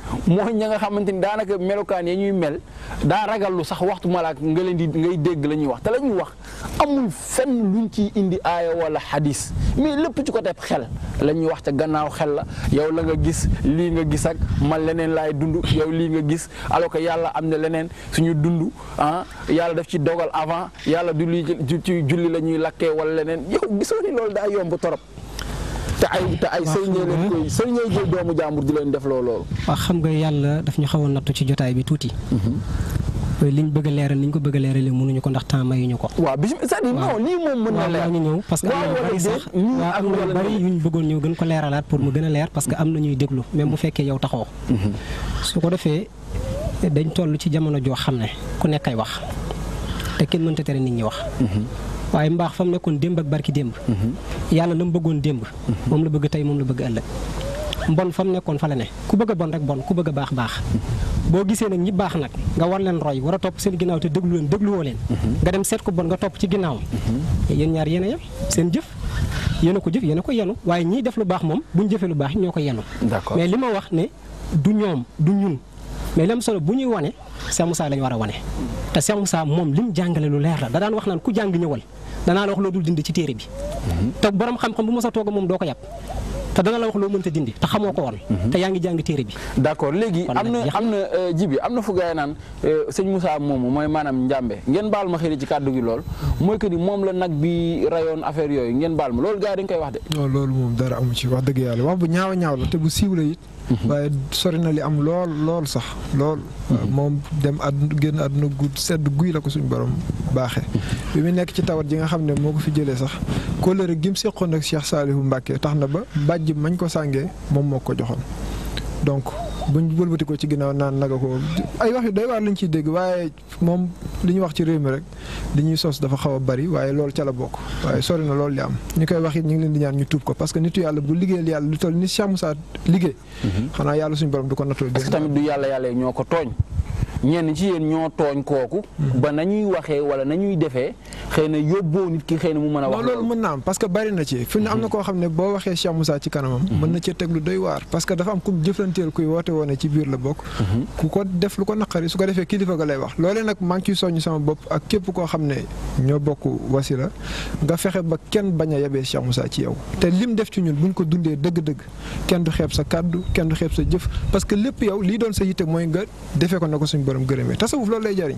mooy ña nga xamante ni daanaka melokaan ya ñuy mel daa ragallu sax waxtu malaak nga leen ngay dégg la ñuy wax te lañuy wax amul fenn luñ ci indi aaya wala xadis mais lépp ci ko teb xel la ñuy wax ca gannaaw xel la yow la nga gis lii nga gis ak man leneen laay dund yow lii nga gis alors que yàlla am na leneen suñu dund ah yàlla daf ci dogal avant yàlla du lii ci julli la ñuy lakkee wala leneen yow gisoo ni loolu daa yomb torop te ay te ay sëriñee leen koy sëriñee jël doomu jaambur di leen def loolu loolu waaw xam nga yàlla daf ñu xaw a nattu ci jotaay bi tuuti mhm. liñ bëgg a leeral liñ ko bëgg a leeralee mënuñu ko ndax temps mayuñu ko. waaw bi ñu parce que am na bari bëggoon ñëw gën ko leeralaat pour mu gën a leer parce que am na ñuy déglu même bu fekkee yow taxoo. Mhm. su ko defee dañ toll ci jamono joo xam ne ku nekk ay wax te kenn mënta tere nit ñi wax. Mhm. waaye mbaax fa mu nekkoon démb ak barki démb. yàlla la mu bëggoon démb. moom la bëgg tey moom la bëgg ëllëg. mbon fa mu nekkoon fa la ne ku bëgg a bon rek bon ku bëgg a baax baax boo gisee nag ñi baax nag nga war leen roy war a topp seen ginnaaw te déglu leen dégluwoo leen nga dem seet ko bon nga topp ci ginnaaw yéen ñaar yéen a seen jëf yéen ko jëf yéen ko yenu waaye ñiy def lu baax moom bu buñ jëfee lu baax ñoo ko yenu mais li ma wax ne du ñoom du ñun mais lam solo bu ñuy wane Cheikh Moussa lañ war a wane te Cheikh Moussa moom lim jàngale lu leer la wax naan ku jàng ñëwal danaa la wax loo dul dindi ci téere bi te borom xam-xam bu mos a toog moom doo ko yàpp te dana la wax loo mënta dindi te xamoo ko woon te yaa ngi jàng téere bi d'accord léegi am na am na euh, ji bi am na fu gaay naan euh, sëñ Moussa moomu mooy maanaam njàmbe ngeen baal ma xëri ci kàddu gi lool mooy que ni moom la nag bi rayoon affaire yooyu ngeen baal ma loolu gaay dañ koy wax de loolu moom dara amu ci wax dëgg yàlla wax bu ñaaw ñaaw la te bu siiw la it waaye sori na li am lool lool sax lool. Mhm. moom dem àdduna génn àdduna gu sedd guy la ko suñu borom baaxee. Mhm. bi mu nekk ci tawat ji nga xam ne moo ko fi jëlee sax kóllëre gim mu seqoon ak Cheikh Saliou Mbacke tax na ba bàjj mañ ko sàngee moom moo ko joxoon donc. buñ wëlbati ko ci ginnaaw naan naga ko ay wax yu day waar lañ ciy dégg waaye moom li ñu wax ci réew mi rek li ñuy sos dafa xaw a bari waaye loolu ca la bokk waaye sori na lool li am ñu koy wax it ñu ngi leen di ñaan ñu tuub ko parce que nitu yàlla bu liggéeyal yàlla lu toll ni Cheikh Moussa liggéey mhm. xanaa yàlla suñu borom du ko nattul parce que tamit du yàlla yàlla ñoo ko tooñ ñen ci yéen ñoo togn koku ba nañuy waxee wala nañuy defee xëy na yóbboo nit ki xëy mu mën wax loolu mën am parce que bari na ci fi amna ko am na koo xam ne boo waxee Cheikh Moussa ci kanamam. Mhm. mën na tégg lu doy waar parce que dafa am ku jëflanteel kuy woote woone ci biir la bokk. Mhm. ku ko def lu ko naqari su ko defee kilifa ga lay wax loolee nag maa ngi soñu sama bopp ak képp koo xam ne ñoo bokk wasila nga fexe ba kenn bañ a Cheikh Moussa ci yow te lim def ci ñun buñ ko dundee dëgg-dëgg kenn du xeeb sa kàddu kenn du xeeb sa jëf parce que lépp yow lii doon sa yitte mooy nga defee ko na ko borom gërëmee tasawuf loolu lay jariñ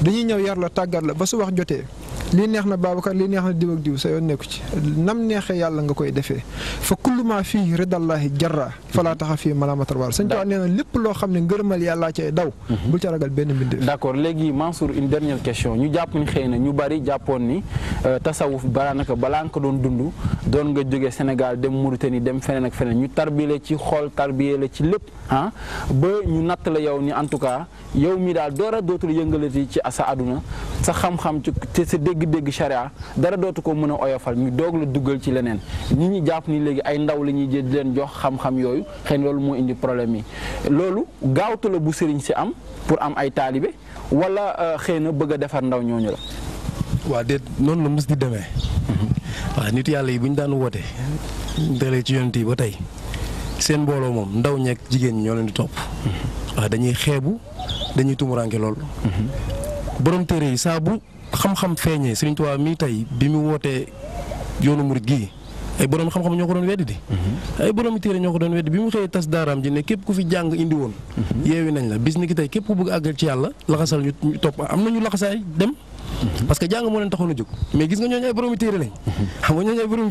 dañuy ñëw yar la tàggat la ba su wax jotee lii neex na Babacar lii neex na diw ak diw sa yoon nekku ci nam neexee yàlla nga koy defee fa kullu ma fii ridallahi jarra falaa taxa fii malaamatal war sëñ Tuubaa nee lépp loo xam ne ngërëmal yàllaa cay daw mhm. bul ca ragal benn mbindeef d'accord léegi Mansour une dernière question ñu jàpp ni xëy na ñu bari jàppoon ni euh, tasawuf balaa naka balaa nga ko doon dund doon nga jógee Sénégal dem Mauritanie dem feneen ak feneen ñu tarbile ci xool tarbile la ci lépp ah la yow ni en tout yow mi daal dara dootul yëngalati ci sa àdduna sa xam-xam ci sa dégg-dégg charia dara dootu ko mën a oyofal ñu doog la duggal ci leneen ñi ñi jàpp ni léegi ay ndaw la ñuy jël di leen jox xam-xam yooyu xëy na loolu moo indi problème yi loolu gaawtu la bu sëriñ si am pour am ay taalibe wala euh, xëy na bëgg a defar ndaw ñooñu la. waa déet noonu la mës di demee. Mhm. waa nit yàlla yi bu ñu daan woote. dalee ci yonent yi ba tey. seen mbooloo moom ndaw ñeek jigéen ñoo leen di topp. waaw dañuy xeebu dañuy tumuranke lool. borom téere yi saabu bu xam-xam feeñee Serigne Touba mii tey bi mu wootee yoonu murit gii ay borom xam-xam ñoo ko doon weddi di ay borom ñoo ko doon weddi bi mu xëyee tas daaraam ji ne képp ku fi jàng indi woon. yeewi nañ la bis ni ki tey képp ku bëgg àggal ci yàlla laxasal ñu topp am na ñu laxasaay dem. parce que jàng moo leen taxoon a jóg mais gis nga ñooñu ay borom téere lañ. xam nga ñooñu ay borom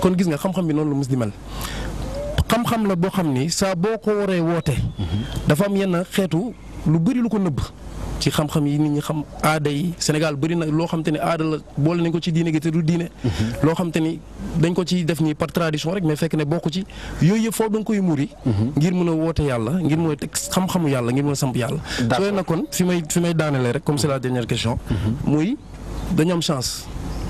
kon gis nga xam-xam bi noonu la mus di mel xam-xam la boo xam ni saa boo ko waree woote. dafa am yenn xeetu lu bëri lu ko nëbb. ci xam-xam yi nit ñi xam aada yi Sénégal bari nag loo xam te ne aada la boole nañ ko ci diine gi te du diine. loo xam te ni dañ ko ci def nii par tradition rek mais fekk ne bokk ci yooyu yëpp foofu da nga koy muri. ngir mën a woote yàlla ngir mën teg xam-xamu yàlla ngir mën a samp yàlla. d' accord na kon fi may fi may daanelee rek comme c' la dernière question. Mhm. muy dañu am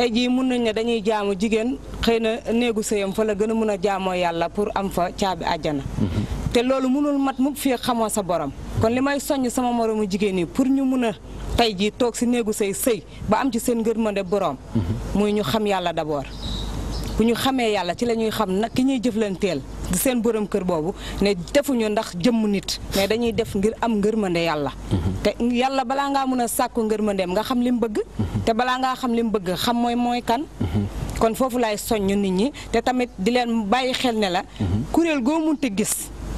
tey jii mun nañ ne dañuy jaamu jigéen xëy na néegu sëyam fa la gën a mun a jaamoo yàlla pour am fa caabi àjjana mhm. te loolu mënul mat mu fii xamoo sa borom kon li may soññ sama moromu jigéen yi pour ñu mun a tey jii toog si néegu sëy sëy ba am ci seen de borom mhm. muy ñu xam yàlla d'abord bu ñu xamee yàlla ci la ñuy xam nag ki ñuy jëflanteel di seen borom kër boobu ne defuñu ndax jëmm nit mais dañuy def ngir am ngërmande yàlla. Mhm. te yàlla balaa ngaa mën a sàkku ngërmandeem nga xam li mu bëgg. Mhm. te balaa ngaa xam li mu bëgg xam mooy mooy kan. Mhm. kon foofu laay soññ nit ñi te tamit di leen bàyyi xel ne la. kuréel goo munti gis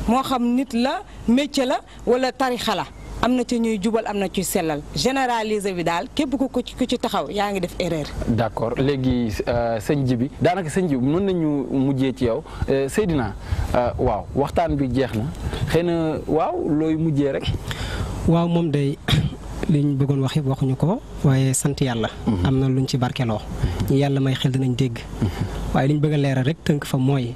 moo xam nit la métier la wala tarixa la. am na ci ñuy jubal am na ci sellal généraliser bi daal képp ko ci ku ci taxaw yaa ngi def erreur. d'accord léegi euh, sëñ ji bi daanaka sëñ bi mën nañu mujjee ci yow euh, Seydina euh, waaw waxtaan bi jeex na xëy na waaw looy mujjee rek. waaw moom day liñ bëggoon wax waxuñu ko waaye sant yàlla. Mhm. am na lu luñ ci barkeloo. ñu yàlla may xel dinañ dégg. Mhm. waaye liñ bëgg a leeral rek tënk fa mooy.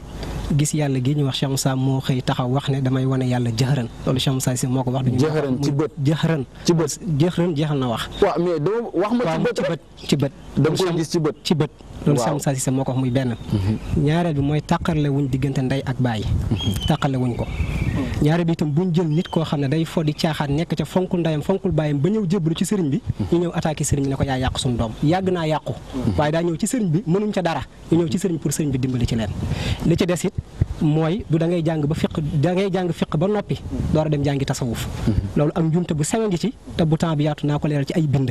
gis yàlla gi ñu wax Cheikh Moussa moo xëy taxaw wax ne damay wane yàlla jëxëran loolu Cheikh Moussa si moo ko wax. jëxëran ci bët jëxëran ci bët jëxëran jeexal na wax. waaw mais dama wax ma ci bët ci bët. da nga koy gis ci bët ci bët. loolu Cheikh Moussa Cissé moo ko wax muy benn mhm. ñaareel bi mooy tàqarle wuñ diggante ndey ak baay mhm. tàqarle ko mhm. ñaare bi itam buñ jël nit koo xam ne day fo di caaxaan nekk ca fonkul ndayam fonkul bàyyam ba ñëw jébbalu ci sëriñ bi ñu ñëw attaqué sëriñ bi ne ko yaa yàq suñu doom yàgg naa yàqu waaye daa ñëw ci sëriñ bi mënuñ ca dara ñu ñëw ci sëriñ pour sëriñ bi dimbali ci leen li ci des it mooy du da jàng ba fiq da ngay jàng fiq ba noppi door a dem jàngi tasawuf loolu am njumte bu sewe ngi ci te bu temps yaatu naa ko leeral ci ay bind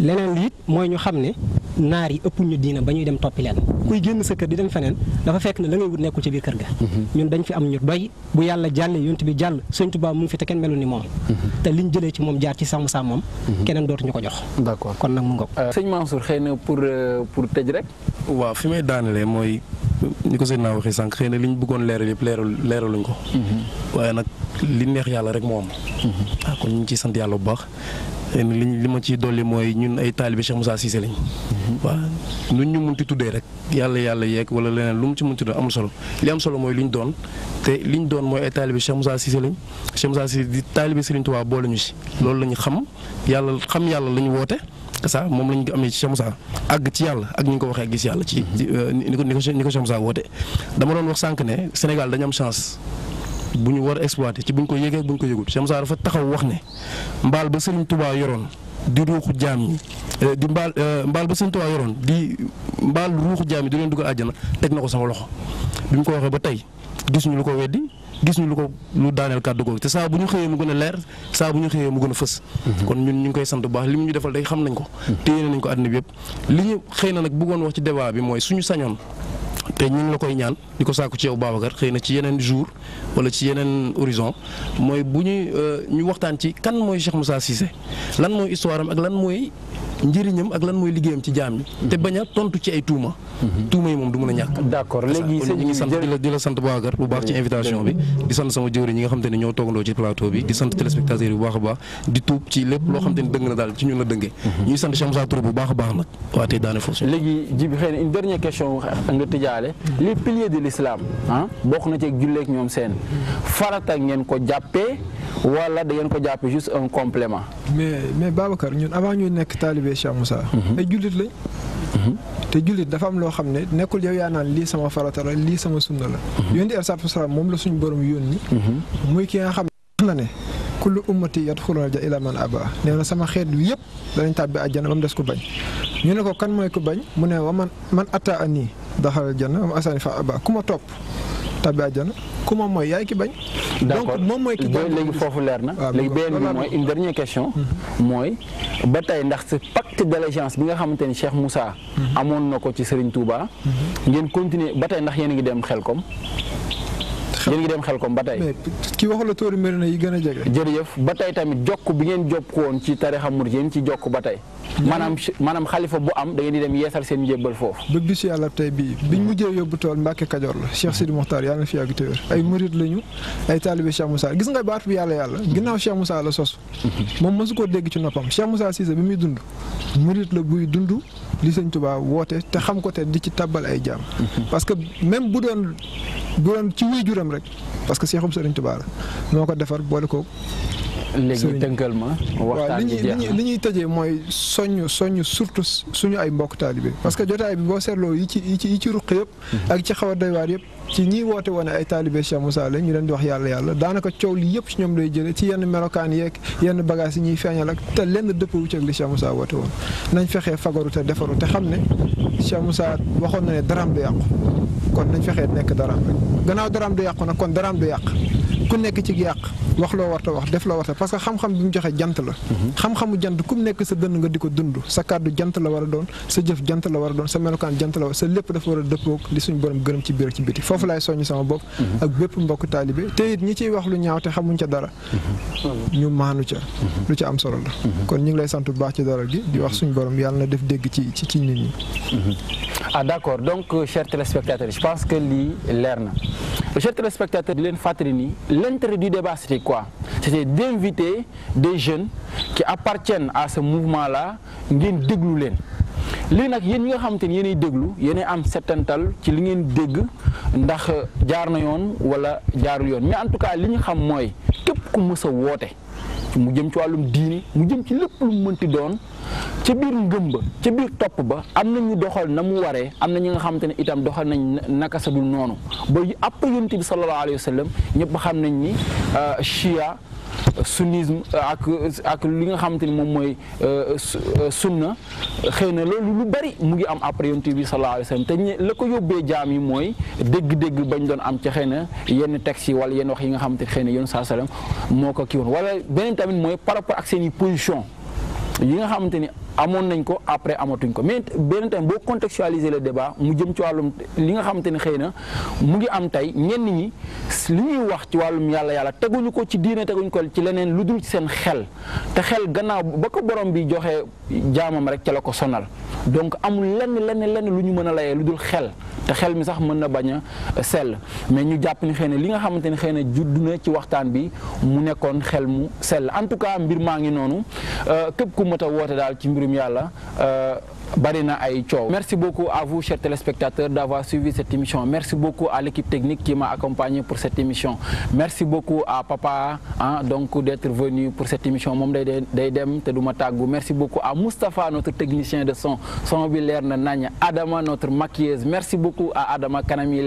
leneen li naar yi ëpp ñu diina ba ñuy dem toppi leen kuy génn sa kër di dem feneen dafa fekk ne la ngay wut nekkul ci biir kër ga mhm. ñun dañ fi am ñu doy bu yàlla jàllee yonent bi jàll sëñ Tuubaa mu ngi fi te kenn melu ni moom mhm. te liñ jëlee ci moom jaar ci sàmm sàmm moom mhm. keneen ñu ko jox d'accord kon nag mu ngoog euh, sëñ Mansour xëy na pour euh, pour tëj rek waaw fi may daanelee mooy ni ko sëñ naa waxee sànq xëy na li ñu bëggoon leeral yëpp leeral leeraluñ ko waaye nag li neex yàlla rek moo am ah, kon ñu ngi sant yàlla bu baax li ma ci dolli mooy ñun ay taalibe Cheikh Moussa Cissé lañ. waa lu ñu munti tuddee rek yàlla yàlla yeeg wala leneen lu mu ci munti doon amul solo li am solo mooy lu ñu doon te li ñu doon mooy ay taalibe Cheikh Moussa Cissé lañ Cheikh Moussa Cissé di taalibe Serigne Touba boole ñu si loolu la ñu xam yàlla xam yàlla la ñu woote. sa moom lañ ko amee ci Cheikh Moussa àgg ci yàlla ak ñu ñu ko waxee ak gis yàlla ci euh, ni ko ni ko Cheikh saa woote dama doon wax sànq ne Sénégal dañu am chance bu ñu war a exploité ci bu ñu ko yëgee bu ñu ko yëgul Cheikh Moussa dafa taxaw wax ne mbaal ba Serigne Touba yoroon di ruuxu jaam yi eh, di mbaal eh, mbaal ba Serigne Touba yoroon di mbaal ruuxu jaam yi di leen dugg àjjana teg na ko sama loxo bi mu ko waxee ba tey gis ñu lu ko weddi gis ñu lu ko lu daaneel kàddu googu te saa bu ñu xëyee mu gën a leer saa bu ñu xëyee mu gën a fës. Mhm. kon ñun ñu ngi koy sant bu baax li mu ñu defal de xam nañ ko. Mhm. te yéene nañ ko àddina bi li xëy na nag bëggoon wax ci débat bi mooy suñu sañoon te ñu ngi la koy ñaan di ko sàkku ci yow Babacar xëy na ci yeneen jour wala ci yeneen horizon mooy euh, a mhm. a ñàkk. baax baax a baax di tuub mhm. a baax nag waa daane foofu. les piliers de l'islam ah ci na ak ñom sen farata ngeen ko jappé wala da ngeen ko jappé juste un complément mais mais Babacar ñun avant ñu nek talibé Cheikh Moussa mhm. ay jullit lañ mhm. té jullit dafa am lo xamné nekul yow ya naan li sama farata la li sama sunna la mhm. yónni alayhi salaam mom la suñu borom yoni muy ki nga xam na né kullu ummati yadxuluna ila man aba nee na sama xeet wi yëpp danañ tàbbi àjjana ba mu des ko bañ ñu ne ko kan mooy ko bañ mu wa man atta a daxal janna am asani fa aba ku ma topp tabbi àjjana ku moom mooy yaay ki bañ. donc moom mooy ki bañ léegi foofu leer na. léegi beneen bi mooy une dernière question. Mhm. mooy ba tey ndax si pacte d'allégeance bi nga xamante ni Cheikh Moussa. Mhm. amoon na ko ci Serigne Touba. Mhm. ngeen continuer ba tey ndax yéen a ngi dem xel kom yéen ngi dem xel kom ba tey ki wax la tóori mbir na yi gën a jege yëf ba tey tamit jokk bi ngeen jokk woon ci tarixa murid yéen ci jokk ba tey maanaam maanaam xalifa bu am da ngeen di dem yeesal seen njébbal foofu ba bisu yàlla tey bii biñ mujjee yóbbu tool Mbàkke Kajoor la Cheikh Sidi Mokhtar yàlla na fi yàgg téwér ay murid lañu ay taalibe Cheikh Moussa gis nga baat bu yàlla yàlla ginnaaw Cheikh Moussa la sos moom mësu ko dégg ci noppam Cheikh Moussa Cissé bi muy dund murid la buy dund li sëñ Tuubaa woote te xam ko te di ci tàbbal ay jaam. parce que même bu doon bu doon ci waajuram rek parce que seexum sëriñ Tuubaa la moo ko defar boole ko léegi tënkal ma waxtaan bi jeex li ñuy tëjee mooy soññ soññ surtout suñu ay mbokk taalibe parce que jotaay bi boo seetloo yi ci yi ci ruq yëpp mhm. ak ci xaw a doy waar yëpp ci ñiy woote woon ay taalibe Cheikh Moussa ñu leen di wax yàlla yàlla daanaka coow li yëpp ci ñoom lay jëlee ci yenn melokaan yeeg yenn bagage yi ñuy feeñal ak te lenn dëpp wu ak li Cheikh Moussa woote woon nañ fexe fagaru te defaru te xam ne Cheikh Moussa waxoon na ne daraam du yàqu kon nañ fexee nekk daraam rek gannaaw daraam nag kon daraam du yàq ku nekk ci yàq wax loo warta wax def loo warta parce que xam-xam bi mu joxee jant la mhm. xam-xamu jant ku nekk sa dënn nga di ko dund sa kàddu jant la war a doon sa jëf jant la war a doon sa melokaan jant la war sa lépp dafa war a dëppoog li suñ borom gërëm ci biir ci biti foofu laay soññ sama bopp mhm. ak bépp mbokk taalibe te it ñi ciy wax lu ñaaw te xamuñ ca dara mhm. ñu maanu ca lu ca am solo la kon ñu ngi lay sant bu baax ci dara gi di wax suñ borom yàlla na def dégg ci ci nit ñi ah d'accord donc euh, chers téléspectateurs je pense que lii leer na chers l'intérêt du débat, c'était quoi C'était d'inviter des jeunes qui appartiennent à ce mouvement-là, Ce déglu vous lii nag yéen nga ils sont en déglu yéenay am settantal ci li dégg wala mais en tout cas ce xam tout ce que mës mu jëm ci ci biir ngëm ba ca biir topp ba am na ñu doxal na mu waree am na ñi nga xamante ne itam doxal nañ naka sa dul noonu ba àpp yonent bi sallallahu alayhi wa sallam ñëpp xam nañ ni chia euh, euh, sunnisme euh, ak ak li nga xamante ni moom mooy sunna xëy na loolu lu bari mu ngi am après yonent bi sallallahu alayhi wasallam te la ko yóbbee jaam yi mooy dégg-dégg bañ doon am ci xëy na yenn textes yi wala yenn wax yi nga xamante xëy na yoon saa sallam moo ko kii woon wala beneen tamit mooy par rapport ak seen i position yi nga xamante amoon nañ ko après amatuñ ko mais benn tamit boo contextualiser le débat mu jëm ci wàllum li nga xamante ne xëy na mu ngi am tey ñenn ñi li ñuy wax ci wàllum yàlla yàlla teguñu ko ci diine teguñu ko ci leneen lu dul ci seen xel te xel gannaaw ba ko borom bi joxe jaamam rek ca la ko sonal donc amul lenn lenn lenn lu ñu mën a layee lu dul xel te xel mi sax mën na bañ a sell mais ñu jàpp ni xëy na li nga xamante ne xëy na judd na ci waxtaan bi mu nekkoon xel mu en tout cas mbir maa ngi noonu euh, mbirum yàlla euh, merci beaucoup à vous chers téléspectateurs d'avoir suivi cette émission merci beaucoup à l'équipe technique qui m'a accompagné pour cette émission merci beaucoup à papa hein, donc d'être venu pour cette émission merci beaucoup à Moustapha notre technicien de son son bi Adama notre maquilleuse merci beaucoup à Adama Kanami,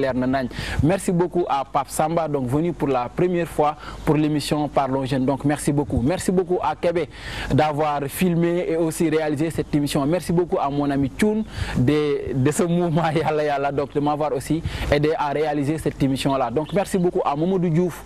merci beaucoup à Pape Samba donc venu pour la première fois pour l'émission Parlons Jeunes donc merci beaucoup merci beaucoup à Kébé d'avoir filmé et aussi réalisé cette émission merci beaucoup à mon ami Toun de, ce mouvement donc de m'avoir aussi aidé à réaliser cette émission-là. Donc merci beaucoup à Momodou Diouf,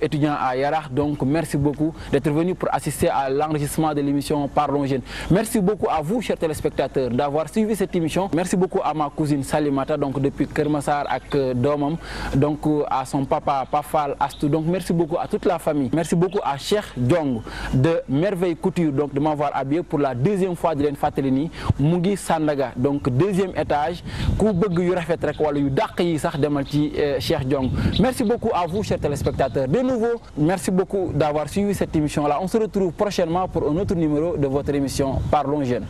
étudiant à Yarach, donc merci beaucoup d'être venu pour assister à l'enregistrement de l'émission Parlons Jeunes. Merci beaucoup à vous, chers téléspectateurs, d'avoir suivi cette émission. Merci beaucoup à ma cousine Salimata, donc depuis Kermassar avec euh, Domam, donc euh, à son papa Pafal Astou. Donc merci beaucoup à toute la famille. Merci beaucoup à Cheikh Dong de Merveille Couture, donc de m'avoir habillé pour la deuxième fois de Fatelini Mungi Sandaga donc deuxième étage ku bëgg yu rafet rek wala yu euh, merci beaucoup à vous chers téléspectateurs de nouveau merci beaucoup d'avoir suivi cette émission là on se retrouve prochainement pour un autre numéro de votre émission Parlons Jeunes